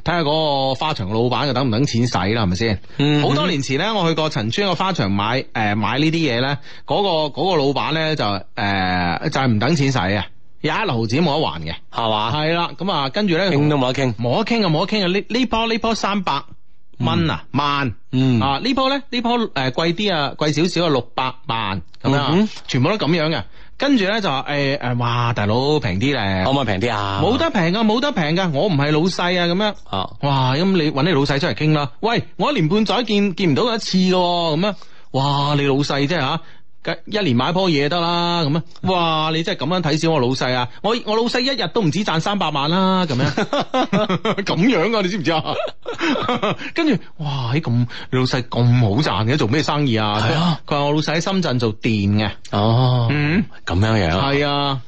S1: 睇下嗰個花場嘅老闆，看看老闆等唔等錢使啦？係咪先？好、嗯、哼多年前咧，我去過陳村個花場買，誒、呃，買呢啲嘢咧，嗰、那個、那個老闆咧就誒，就係唔、呃就是、等錢使啊！有一毫子冇得還嘅，係嘛吧？係啦，咁、嗯、啊，跟住咧，傾都冇得傾，冇得傾啊，冇得傾啊！呢呢波呢波三百蚊啊萬，嗯，慢嗯啊波呢波咧呢波誒貴啲啊貴少少啊，啊六百萬咁樣，嗯、全部都咁樣嘅。跟住咧就話誒誒，哇大佬平啲咧，可唔可以平啲啊？冇得平啊，冇得平噶，我唔係老細啊，咁樣啊？哇，咁你揾你老細出嚟傾啦？喂，我一年半載見見唔到一次噶、啊，咁樣哇，你老細啫吓？一年買一樖嘢得啦，咁樣！哇，你真係咁樣睇小我老細啊！我我老細一日都唔止賺三百萬啦、啊，咁樣咁 <laughs> 樣啊？你知唔知啊？跟 <laughs> 住，哇！咁，你老細咁好賺嘅，做咩生意啊？係啊，佢話我老細喺深圳做電嘅。哦，嗯，咁樣樣。係啊。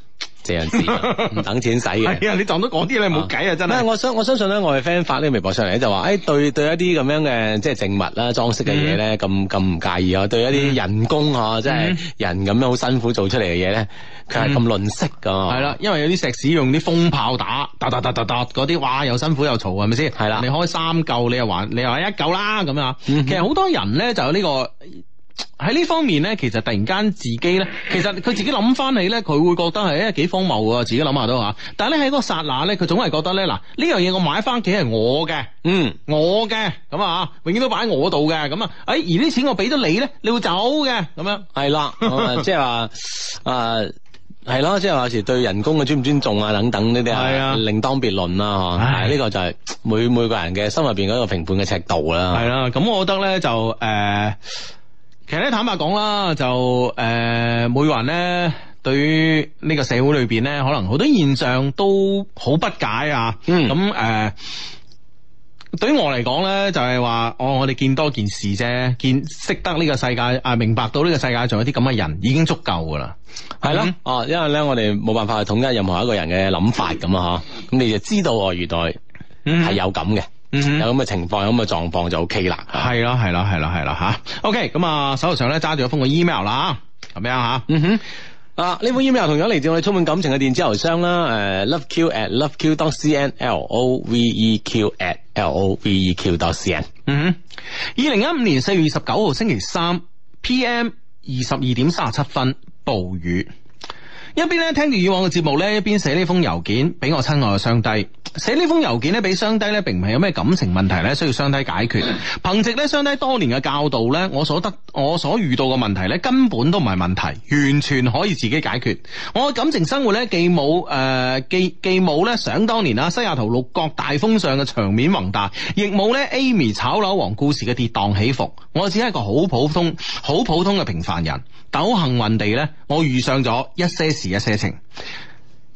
S1: 借人錢唔 <laughs> 等錢使嘅，你撞到嗰啲你冇計啊，真係。我相我相信咧，我哋 friend 發呢個微博上嚟咧，就、哎、話，誒對對一啲咁樣嘅即係靜物啦、裝飾嘅嘢咧，咁咁唔介意啊。嗯、對一啲人工啊，嗯、即係人咁樣好辛苦做出嚟嘅嘢咧，佢係咁吝嗇㗎。係啦、嗯，因為有啲石屎用啲風炮打，嗒嗒嗒嗒嗒嗰啲，哇！又辛苦又嘈，係咪先？係啦的，你開三嚿，你又還你話一嚿啦咁啊。樣嗯、哼其實好多人咧就有呢、這個。喺呢方面咧，其實突然間自己咧，其實佢自己諗翻起咧，佢會覺得係誒幾荒謬啊！自己諗下都吓。但係咧，喺嗰個剎那咧，佢總係覺得咧，嗱，呢樣嘢我買翻屋企係我嘅，嗯，我嘅咁啊，永遠都擺喺我度嘅咁啊。誒，而啲錢我俾咗你咧，你會走嘅咁樣。係啦，即係話誒係咯，即係話有時對人工嘅尊唔尊重啊等等呢啲係啊，另當別論啦吓。呢個就係每每個人嘅心入邊嗰個評判嘅尺度啦。係啦，咁我覺得咧就誒。其實坦白講啦，就誒、呃、每個人咧，對於呢個社會裏邊咧，可能好多現象都好不解啊。咁誒、嗯呃，對於我嚟講咧，就係、是、話、哦、我我哋見多件事啫，見識得呢個世界啊，明白到呢個世界仲有啲咁嘅人，已經足夠噶啦。係咯、嗯，哦了、啊，因為咧我哋冇辦法去統一任何一個人嘅諗法咁啊，嗬。咁你就知道我遇代係有咁嘅。嗯嗯，mm hmm. 有咁嘅情況，有咁嘅狀況就 O K 啦。係啦，係啦，係啦，係啦吓。O K，咁啊，手頭上咧揸住一封嘅 email 啦，咁樣吓。嗯哼，啊呢封 email 同樣嚟自我哋充滿感情嘅電子郵箱啦。誒、呃、，love q at love q dot c n l o v e q at l o v e q dot c n。嗯哼、mm，二零一五年四月二十九號星期三 P M 二十二點三十七分，暴雨。一邊咧聽住以往嘅節目咧，一邊寫呢封郵件俾我親愛嘅雙低。寫呢封郵件咧，俾雙低咧，並唔係有咩感情問題咧，需要雙低解決。憑借咧，雙低多年嘅教導咧，我所得我所遇到嘅問題咧，根本都唔係問題，完全可以自己解決。我嘅感情生活咧，既冇誒、呃、既既冇咧想當年啊西雅圖六國大風上嘅場面宏大，亦冇咧 Amy 炒樓王故事嘅跌宕起伏。我只係一個好普通好普通嘅平凡人，但幸運地咧，我遇上咗一些。一些情，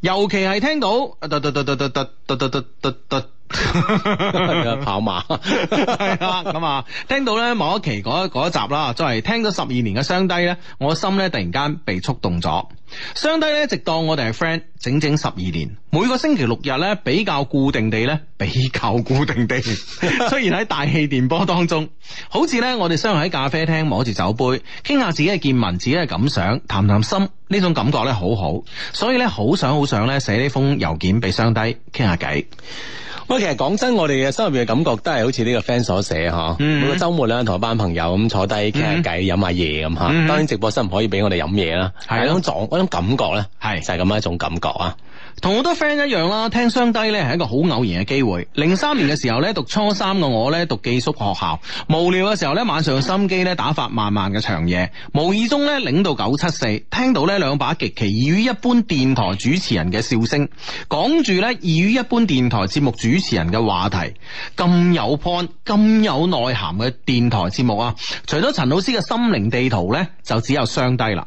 S1: 尤其係聽到，突突突突突突突突突突跑馬，係啊，咁啊！聽到咧，某一期嗰嗰一集啦，作為聽咗十二年嘅雙低咧，我心咧突然間被觸動咗。雙低咧，直當我哋係 friend，整整十二年，每個星期六日咧，比較固定地咧，比較固定地，雖然喺大氣電波當中，好似咧我哋相喺咖啡廳摸住酒杯，傾下自己嘅見聞，自己嘅感想，談談心，呢種感覺咧好好，所以咧好想好想咧寫呢封郵件俾雙低傾下偈。聊聊不過其實講真，我哋嘅心入邊嘅感覺都係好似呢個 friend 所寫吓，mm hmm. 每個周末啦同一班朋友咁坐低傾下偈飲下嘢咁吓，當然直播室唔可以俾我哋飲嘢啦，係嗰、mm hmm. 種撞嗰種感覺咧，係、mm hmm. 就係咁樣一種感覺啊。同好多 friend 一樣啦，聽雙低呢係一個好偶然嘅機會。零三年嘅時候呢，讀初三嘅我呢，讀寄宿學校，無聊嘅時候呢，晚上心機呢打發漫漫嘅長夜，無意中呢，領到九七四，聽到呢兩把極其異於一般電台主持人嘅笑聲，講住呢異於一般電台節目主持人嘅話題，咁有 point、咁有內涵嘅電台節目啊！除咗陳老師嘅心靈地圖呢，就只有雙低啦。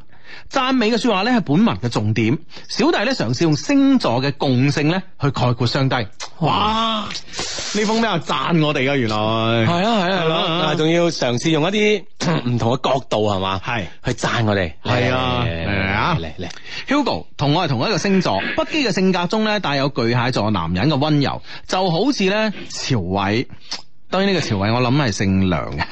S1: 讚美嘅說話咧係本文嘅重點，小弟咧嘗試用星座嘅共性咧去概括雙低。哇！呢封咩啊？讚我哋嘅，原來係啊係係咯，啊仲、啊、要嘗試用一啲唔 <coughs> 同嘅角度係嘛，係是去讚我哋。係啊，嚟嚟，Hugo 同我係同一個星座，不羈嘅性格中咧帶有巨蟹座男人嘅溫柔，就好似咧朝偉。當然呢個朝偉，我諗係姓梁嘅。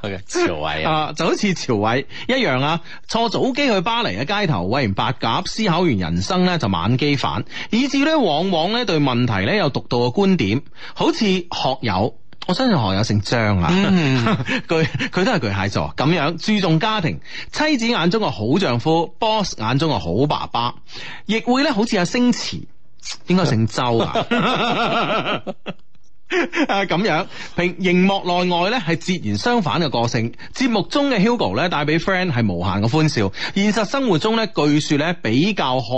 S1: 係嘅，朝偉圍啊， <laughs> 就好似朝偉一樣啊，坐早機去巴黎嘅街頭餵完白鴿，思考完人生咧就晚機返，以至咧往往咧對問題咧有獨到嘅觀點。好似學友，我相信學友姓張啊，佢 <laughs> 佢都係巨蟹座，咁樣注重家庭，妻子眼中嘅好丈夫，boss 眼中嘅好爸爸，亦會咧好似阿星馳。應該姓周啊！ <laughs> 啊，咁樣，屏熒幕內外呢係截然相反嘅個性。節目中嘅 Hugo 呢帶俾 friend 係無限嘅歡笑，現實生活中呢，據說呢比較害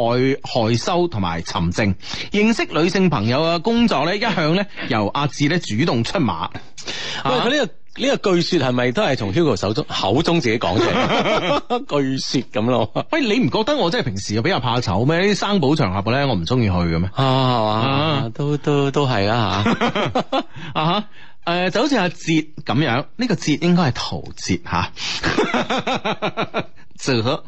S1: 害羞同埋沉靜。認識女性朋友嘅工作呢，一向呢由阿志呢主動出馬。啊、喂佢呢？呢個據說係咪都係從 Hugo 手中口中自己講出嚟？據 <laughs> 說咁咯。喂，你唔覺得我真係平時又比較怕醜咩？啲生保場合嘅咧，我唔中意去嘅咩？啊，係嘛、啊，都都都係啊。吓、 <laughs> 啊。啊吓，誒，就好似阿哲咁樣，呢、這個哲應該係陶哲吓。最好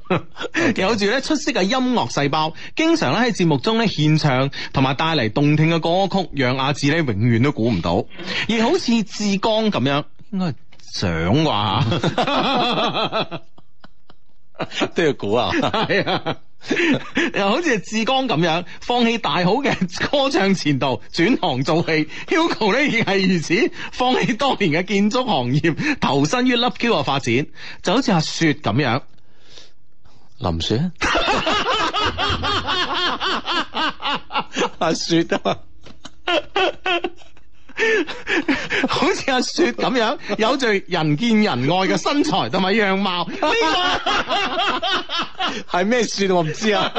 S1: 有住咧出色嘅音樂細胞，經常咧喺節目中咧獻唱，同埋帶嚟動聽嘅歌曲，讓阿哲咧永遠都估唔到。而好似志剛咁樣。應該係獎話都要估猜啊！係啊，又好似志剛咁樣，放棄大好嘅歌唱前途，轉行做戲。Hugo 咧亦係如此，放棄當年嘅建築行業，投身於 Love Q 嘅發展，就好似阿雪咁樣，林雪阿雪啊！ <laughs> <laughs> 好似阿雪咁樣，有着人見人愛嘅身材同埋樣貌，呢個係咩雪我唔知啊！ <laughs>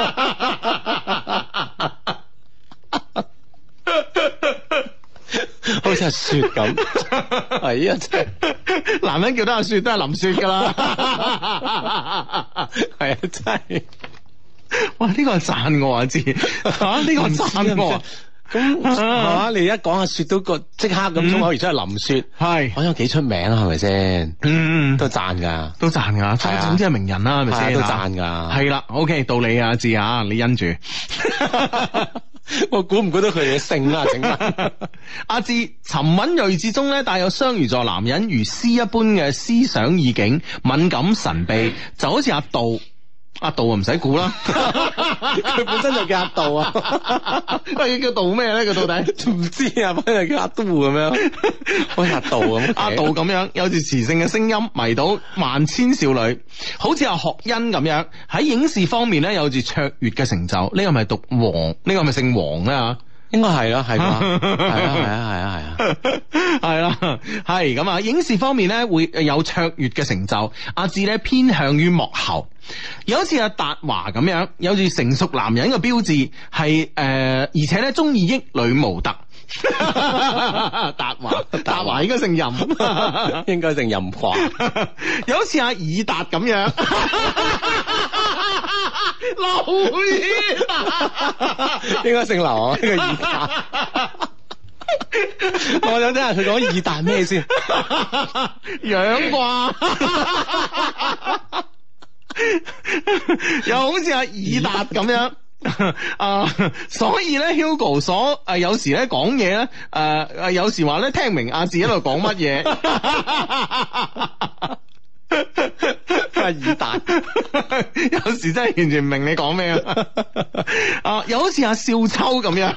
S1: 好似阿雪咁，係啊，真係男人叫得阿雪都係林雪噶啦，係 <laughs> <laughs> <laughs> <laughs> <laughs> <laughs> 啊，真、
S2: 這、
S1: 係、個，哇！呢個係讚我啊，知吓？呢個讚我。咁係嘛？你一講下雪都個即刻咁，仲可以出嚟淋雪，係、嗯，咁樣幾出名是是、嗯、啊？係咪先？嗯、啊，都讚噶，都讚噶，總之係名人啦，係咪先？都讚噶，係啦。O K，到你啊，阿、OK，志啊，啊，你忍住， <laughs> <laughs> 我估唔估到佢嘅姓啊？整阿志、 <laughs> 啊、沉穩睿智中咧，帶有雙魚座男人如詩一般嘅思想意境，敏感神秘，就好似阿道。阿道啊，唔使估啦，佢本身就叫阿道啊，喂，叫道咩咧？佢到底唔知啊，反正叫阿道咁樣，開阿道咁，阿道咁樣，有住磁性嘅聲音，迷倒萬千少女，好似阿學恩咁樣，喺影視方面咧，有住卓越嘅成就，呢個咪讀王，呢個係咪姓王咧？啊？應該係啦，係啦，係啊，係 <laughs> 啊，係啊，係啊，係啦、啊，係咁啊，啊，啊！影視方面咧會有卓越嘅成就，阿志咧偏向於幕後，有好似阿達華咁樣，有住成熟男人嘅標誌，係誒、呃，而且咧中意益女模特。達華，達華應該姓任，應該姓任華，又好似阿爾達咁樣，
S2: 劉爾達
S1: 應該姓劉啊，呢個爾達，我想聽下佢講爾達咩先，樣啩，又好似阿爾達咁樣。 <laughs> uh, uh, uh, <laughs> 啊，所以咧，Hugo 所誒，有時咧講嘢咧，誒誒，有時話咧聽唔明阿志喺度講乜嘢，阿二達，有時真係完全唔明你講咩、 <laughs> uh, 啊，啊，好似阿少秋咁樣，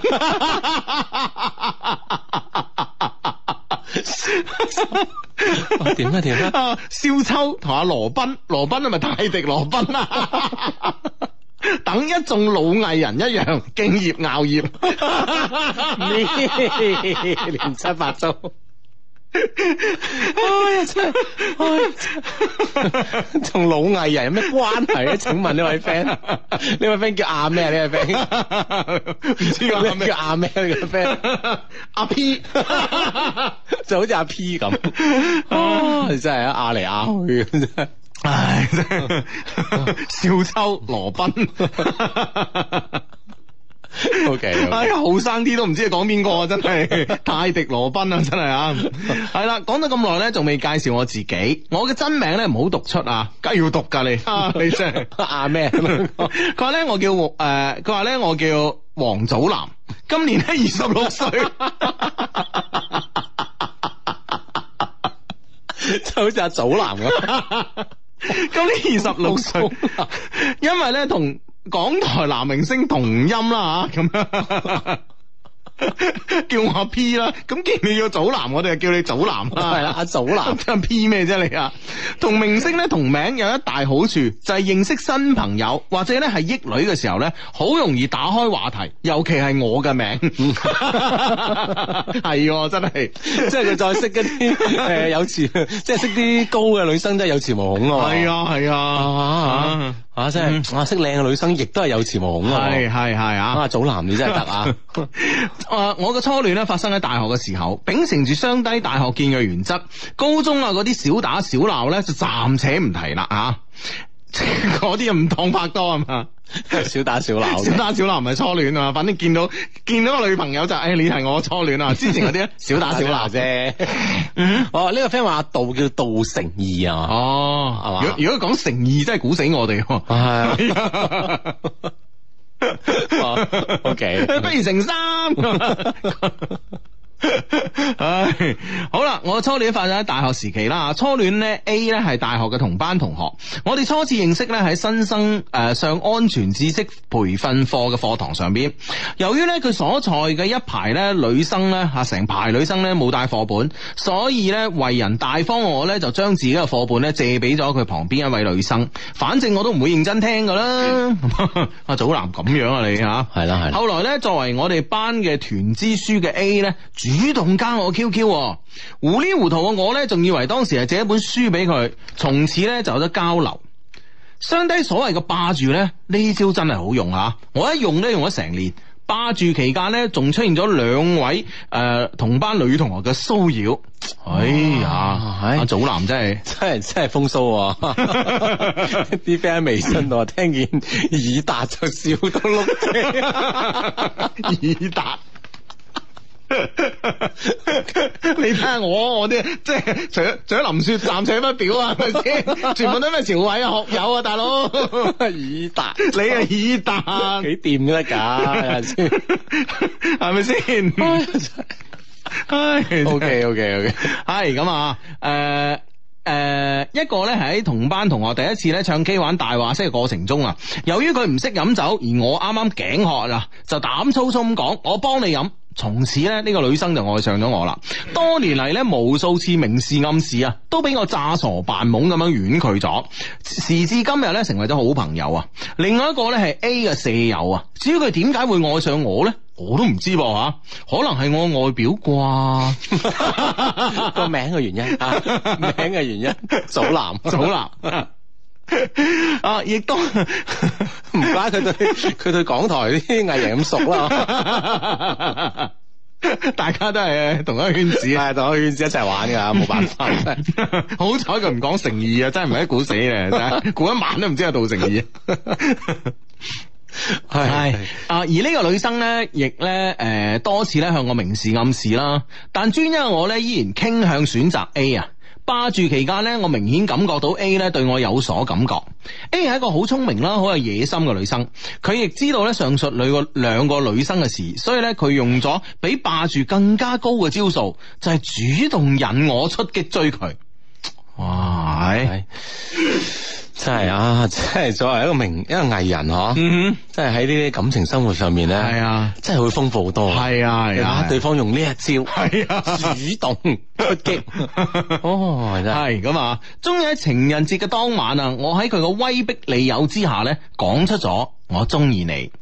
S1: 點啊點啊，少秋同阿羅賓，羅賓係咪泰迪羅賓啊？ <laughs> 等一眾老藝人一樣敬業熬業，亂七八糟。哎呀真係，同老藝人有咩關係咧？請問呢位 friend，呢位 friend 叫阿咩？呢位 friend 唔知叫阿咩？呢個 friend 阿 P，就好似阿 P 咁，真係阿嚟阿去咁。唉，少 <laughs> 秋羅賓，O K，哎呀，後生啲都唔知你講邊個啊，真係 <laughs> 泰迪羅賓啊，真係啊，係啦， <laughs> 講咗咁耐咧，仲未介紹我自己，我嘅真名咧唔好讀出讀啊，梗係要讀噶你，你真姓阿咩？佢話咧我叫王，誒、呃，佢話咧我叫王祖藍，今年咧二十六歲，歲 <laughs> 就好似阿祖藍咁。今年二十六歲， <laughs> 因為咧同港台男明星同音啦吓，咁，啊，樣。 <laughs> <laughs> 叫我、啊、P 啦，咁既然你要祖藍，我哋就叫你祖藍啦，係啦、 <laughs> 啊，祖藍，P 咩啫你啊？同明星咧同名有一大好處，就係、是、認識新朋友或者咧係益女嘅時候咧，好容易打開話題，尤其係我嘅名，係、 <laughs> <laughs> <laughs> 啊、真係， <laughs> <laughs> 即係再識一啲誒有恃， <laughs> 即係識啲高嘅女生真都有恃無恐咯，係啊係啊。鴨啊話聲、嗯、啊，識靚嘅女生亦都係有恃無恐，係係係啊！啊，早男你真係得啊！啊，我嘅初戀咧發生喺大學嘅時候，秉承住雙低大學見嘅原則，高中啊嗰啲小打小鬧咧就暫且唔提啦啊！嗰啲又唔當拍拖啊嘛，少 <laughs> 打少鬧，少打少鬧唔係初戀啊嘛，反正見到見到個女朋友就誒、是哎、你係我初戀啊，之前嗰啲少打少鬧啫。 <laughs> 哦，呢、這個 friend 話杜叫杜成義啊，哦係嘛？如果講成義真係估死我哋。 <laughs> <laughs> 哦，O okay . K， <laughs> 不如成三。 <laughs> <laughs> 唉，好啦，我初戀發生喺大學時期啦。初戀呢 A 呢係大學嘅同班同學。我哋初次認識呢，喺新生誒、呃、上安全知識培訓課嘅課堂上邊。由於呢，佢所在嘅一排呢，女生呢，吓成排女生呢冇帶課本，所以呢，為人大方，我呢，就將自己嘅課本呢借俾咗佢旁邊一位女生。反正我都唔會認真聽噶啦。阿的、 <laughs> 啊、祖藍咁樣啊你吓係啦係。後來呢作為我哋班嘅團支書嘅 A 呢。主動加我 QQ，糊裏糊塗嘅我咧，仲以為當時係借一本書俾佢，從此咧就有咗交流。相低所謂嘅霸住咧，呢招真係好用吓，我一用咧用咗成年。霸住期間咧，仲出現咗兩位誒同班女同學嘅騷擾。哇哎呀，阿、哎、祖男真係真係真係風騷、啊，啲 friend 微信我聽見爾達就笑到碌地，爾 <laughs> <laughs> 達。 <laughs> 你睇下我，我啲即係除咗除咗林雪站，請乜表啊？係咪先？ <laughs> 全部都咩？朝偉啊，學友啊，大佬， <laughs> 以達，你係以達，幾掂先得噶？係咪先？係咪先？OK，OK，OK。係咁啊，誒誒、 <laughs> 啊呃呃，一個咧喺同班同學第一次咧唱 K 玩大話骰嘅過程中啊，由於佢唔識飲酒，而我啱啱頸渴啦，就膽粗粗咁講，我幫你飲。從此咧，呢、這個女生就愛上咗我啦。多年嚟咧，無數次明示暗示啊，都俾我詐傻扮懵咁樣婉拒咗。時至今日咧，成為咗好朋友啊。另外一個咧係 A 嘅舍友啊，至於佢點解會愛上我咧，我都唔知噃吓，可能係我外表啩個 <laughs> <laughs> 名嘅原因啊， <laughs> 名嘅原因 <laughs> 祖，祖藍，祖藍。 <music> 啊！亦都唔 <laughs> 怪佢對佢對港台啲藝人咁熟啦， <laughs> 大家都係同一圈子， <laughs> 同一圈子一齊玩嘅，冇辦法。好彩佢唔講誠意啊，真係唔係一估死咧，估一晚都唔知有道誠意。係啊，而呢個女生咧，亦咧誒多次咧向我明示暗示啦，但專一我咧依然傾向選擇 A 啊。霸住期間呢，我明顯感覺到 A 呢對我有所感覺。A 係一個好聰明啦，好有野心嘅女生。佢亦知道呢上述女個兩個女生嘅事，所以呢佢用咗比霸住更加高嘅招數，就係、是、主動引我出擊追佢。哇喂！ <laughs> 真係啊！真係作為一個名一個藝人嗬，嗯、哼真係喺呢啲感情生活上面咧，啊、真係會豐富好多。係啊，啊對方用呢一招，啊、主動出擊。 <laughs> 哦，係咁啊！終於喺情人節嘅當晚啊，我喺佢嘅威逼利誘之下咧，講出咗我中意你。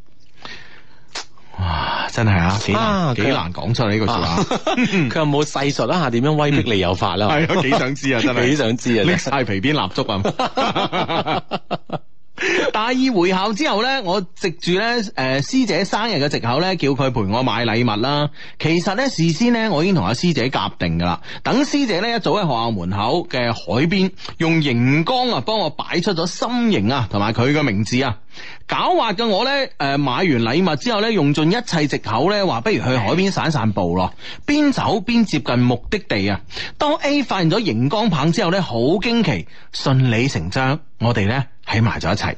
S1: 哇！真係啊，這個、啊，幾難講出嚟呢句話。佢有冇細述一下點樣威逼利誘法啦？係啊、嗯，幾想知啊！真係幾 <laughs> 想知啊！你晒皮鞭蠟燭啊！ <laughs> <laughs> <laughs> 大二回校之後呢，我藉住呢誒，師姐生日嘅借口呢，叫佢陪我買禮物啦。其實呢，事先呢，我已經同阿師姐夾定噶啦。等師姐呢一早喺學校門口嘅海邊，用熒光啊幫我擺出咗心形啊同埋佢嘅名字啊。狡猾嘅我呢，誒，買完禮物之後呢，用盡一切借口呢，話不如去海邊散散步咯。邊走邊接近目的地啊。當 A 發現咗熒光棒之後呢，好驚奇，順理成章，我哋呢。喺埋咗一齊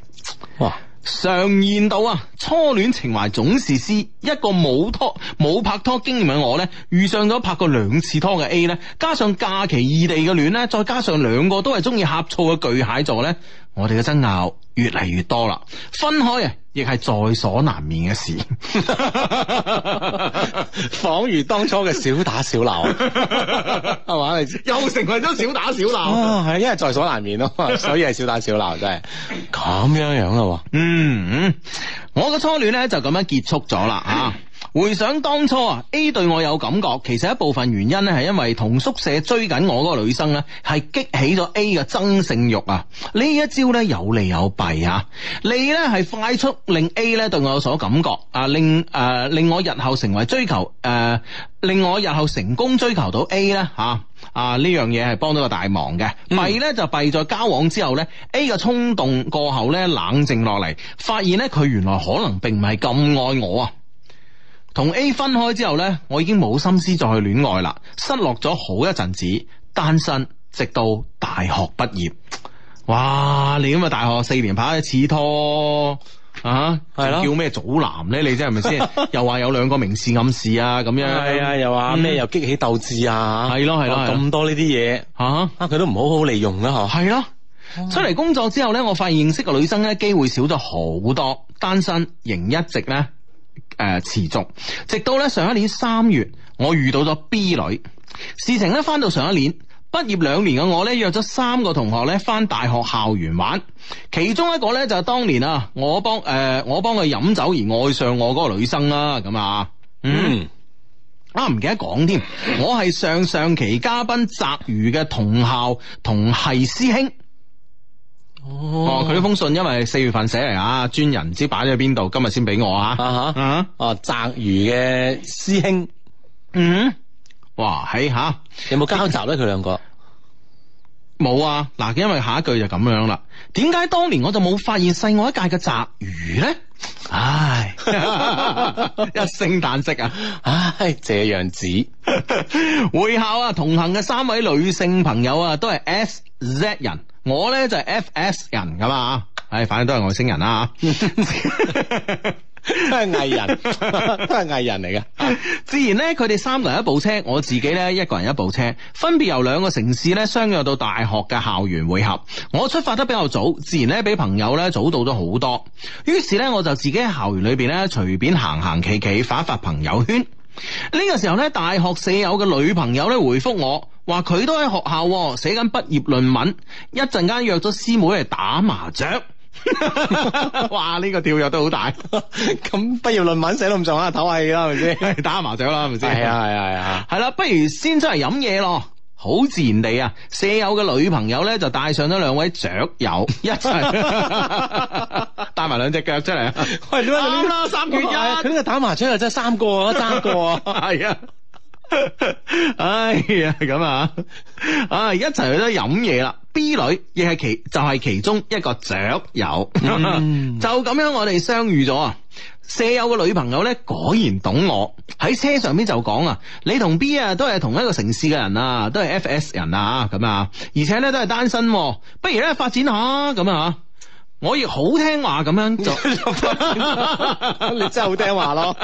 S1: 哇！常言道啊，初戀情懷總是詩。一個冇拖冇拍拖經驗嘅我呢，遇上咗拍過兩次拖嘅 A 呢，加上假期異地嘅戀呢，再加上兩個都係中意呷醋嘅巨蟹座呢，我哋嘅爭拗越嚟越多啦，分開啊，亦係在所難免嘅事， <laughs> <laughs> 仿如當初嘅小打小鬧，係嘛？又成為咗小打小鬧係因為在所難免咯， <laughs> 所以係小打小鬧，真係咁樣樣啦。嗯，嗯我嘅初戀咧就咁樣結束咗啦啊。 <laughs> 回想當初啊，A 對我有感覺，其實一部分原因咧係因為同宿舍追緊我嗰個女生咧，係激起咗 A 嘅爭勝欲啊！呢一招咧有利有弊啊。利咧係快速令 A 咧對我有所感覺啊，令誒、呃、令我日後成為追求誒、呃，令我日後成功追求到 A 咧吓啊呢樣嘢係幫到個大忙嘅，咪咧、嗯、就弊在交往之後咧，A 嘅衝動過後咧冷靜落嚟，發現咧佢原來可能並唔係咁愛我啊！同 A 分開之後呢，我已經冇心思再去戀愛啦，失落咗好一陣子，單身，直到大學畢業。哇！你咁啊，大學四年拍一次拖啊，的叫咩祖藍呢？你真係咪先？ <laughs> 又話有兩個明示暗示啊，咁樣係啊 <laughs> 樣，又話咩又激起鬥志啊？係咯係咯，咁多呢啲嘢吓，佢、啊、都唔好好利用啦嗬？係咯的，啊、出嚟工作之後呢，我發現認識個女生咧，機會少咗好多，單身仍一直呢。誒，持續直到咧上一年三月，我遇到咗 B 女。事情咧返到上一年畢業兩年嘅我咧，約咗三個同學咧返大學校園玩，其中一個咧就係當年啊，我幫誒我幫佢飲酒而愛上我嗰個女生啦。咁啊，嗯，啊唔記得講添，我係上上期嘉賓澤渝嘅同校同系師兄。哦，佢封信因為四月份寫嚟啊，專人唔知擺咗喺邊度，今日先俾我啊！啊哈啊澤魚嘅師兄，嗯，哇，係吓，有冇交集咧？佢這兩個冇啊！嗱，因為下一句就咁樣啦。點解當年我就冇發現世外一界嘅澤魚咧？唉、哎， <laughs> <laughs> 一聲嘆息啊！唉、哎，這樣子，會 <laughs> 考啊，同行嘅三位女性朋友啊，都係 S Z 人。我呢就係、是、F S 人咁啊，唉、哎，反正都係外星人啦， <laughs> <laughs> 都係藝藝人， <laughs> 都係藝人嚟嘅。 <laughs> 自然呢，佢哋三個人一部車，我自己呢，一個人一部車，分別由兩個城市呢相約到大學嘅校園會合。我出發得比較早，自然呢，比朋友呢早到咗好多。於是呢，我就自己喺校園裏邊呢，隨便行行企企，發一發朋友圈。呢個時候咧，大學舍友嘅女朋友咧回覆我，話佢都喺學校寫緊畢業論文，一陣間約咗師妹嚟打麻雀。 <laughs> 哇，呢、呢個跳躍都好大。咁 <laughs> 畢業論文寫得咁重下，唞下氣啦，係咪先？打麻雀啦，係咪先？係啊，係啊，係啊。係啦、啊，不如先出嚟飲嘢咯。好自然地啊，舍友嘅女朋友咧就帶上咗兩位雀友一齊，帶埋兩隻腳出嚟。啊。 <laughs> 喂，點啦，三缺一，啊，呢個打麻雀啊，真係三個三個啊，係啊，哎呀，咁、 <laughs> <laughs> 哎、啊，哎，一齊去咗飲嘢啦。B 女亦係其就係、是、其中一個雀友，嗯、 <laughs> 就咁樣我哋相遇咗啊。舍友嘅女朋友咧果然懂我，喺車上邊就講啊，你同 B 啊都係同一個城市嘅人啊，都係 FS 人啊咁啊，而且咧都係單身，不如咧發展下咁啊，我亦好聽話咁樣就，你真係好聽話咯，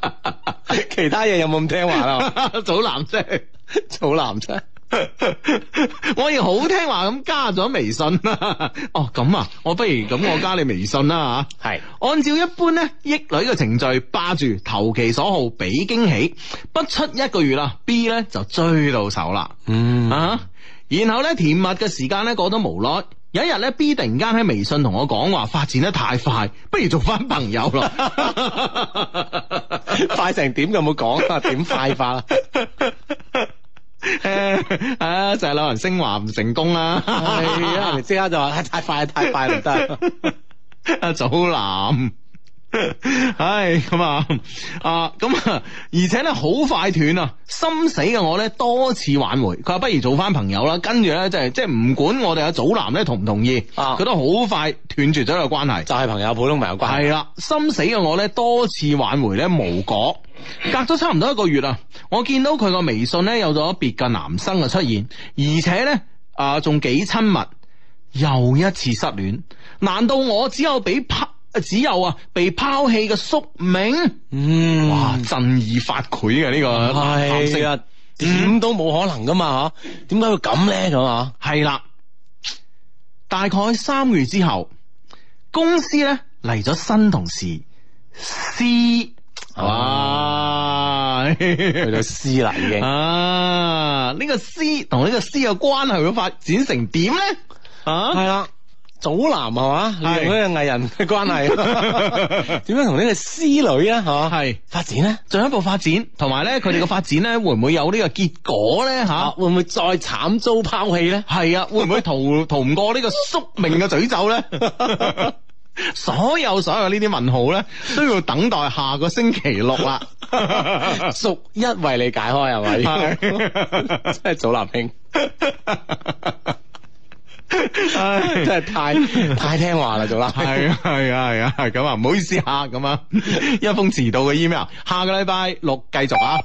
S1: <laughs> 其他嘢有冇咁聽話啊？ <laughs> 早男啫，早男啫。我亦好聽話咁加咗微信啦，哦咁啊，我不如咁我加你微信啦吓，係按照一般呢益女嘅程序，霸住投其所好，俾驚喜，不出一個月啦，B 呢就追到手啦，嗯啊，然後呢，甜蜜嘅時間呢過到無耐，有一日呢 B 突然間喺微信同我講話發展得太快，不如做翻朋友咯，快成點有冇講啊？點快法？係 Connecticut 啊，就係兩人升華唔成功啦。即刻就話太快，太快唔得。阿祖藍，唉咁啊，啊咁啊，啊、嗯，而且咧好快斷啊。心死嘅我咧多次挽回，佢話不如做翻朋友啦。跟住咧就係即係唔管我哋阿祖藍咧同唔同意，佢都好快斷絕咗個關係，就係朋友，普通朋友關係。係啦，心死嘅我咧多次挽回咧無果。隔咗差唔多一個月啦，我見到佢個微信咧有咗別嘅男生嘅出現，而且咧啊仲幾親密，又一次失戀，難道我只有俾拋，只有啊被拋棄嘅宿命？嗯，哇，震耳發聵嘅呢個係點都冇可能噶嘛？吓、嗯，點解會咁咧？咁啊，係啦，大概三個月之後，公司咧嚟咗新同事 C。哇，啊、去到師啦已經啊，呢個師同呢個師嘅關係會發展成點咧？啊，係啦，祖藍係嘛，呢個藝人嘅關係，點樣同呢個師女啊？吓，係發展咧，進一步發展，同埋咧，佢哋嘅發展咧，會唔會有呢個結果咧？吓，會唔會再慘遭拋棄咧？係啊，會唔會，會，會逃 <laughs> 逃唔過呢個宿命嘅詛咒咧？ <laughs> 所有所有呢啲問號咧，都要等待下個星期六啦， <laughs> 逐一為你解開係咪？ <laughs> 啊、 <laughs> 真係早藍兄，唉 <laughs> 太，真係太太聽話啦，早藍兄，係啊係啊係啊係咁啊，唔、啊啊啊、好意思吓、啊、咁啊，一封遲到嘅 email，下個禮拜六繼續啊！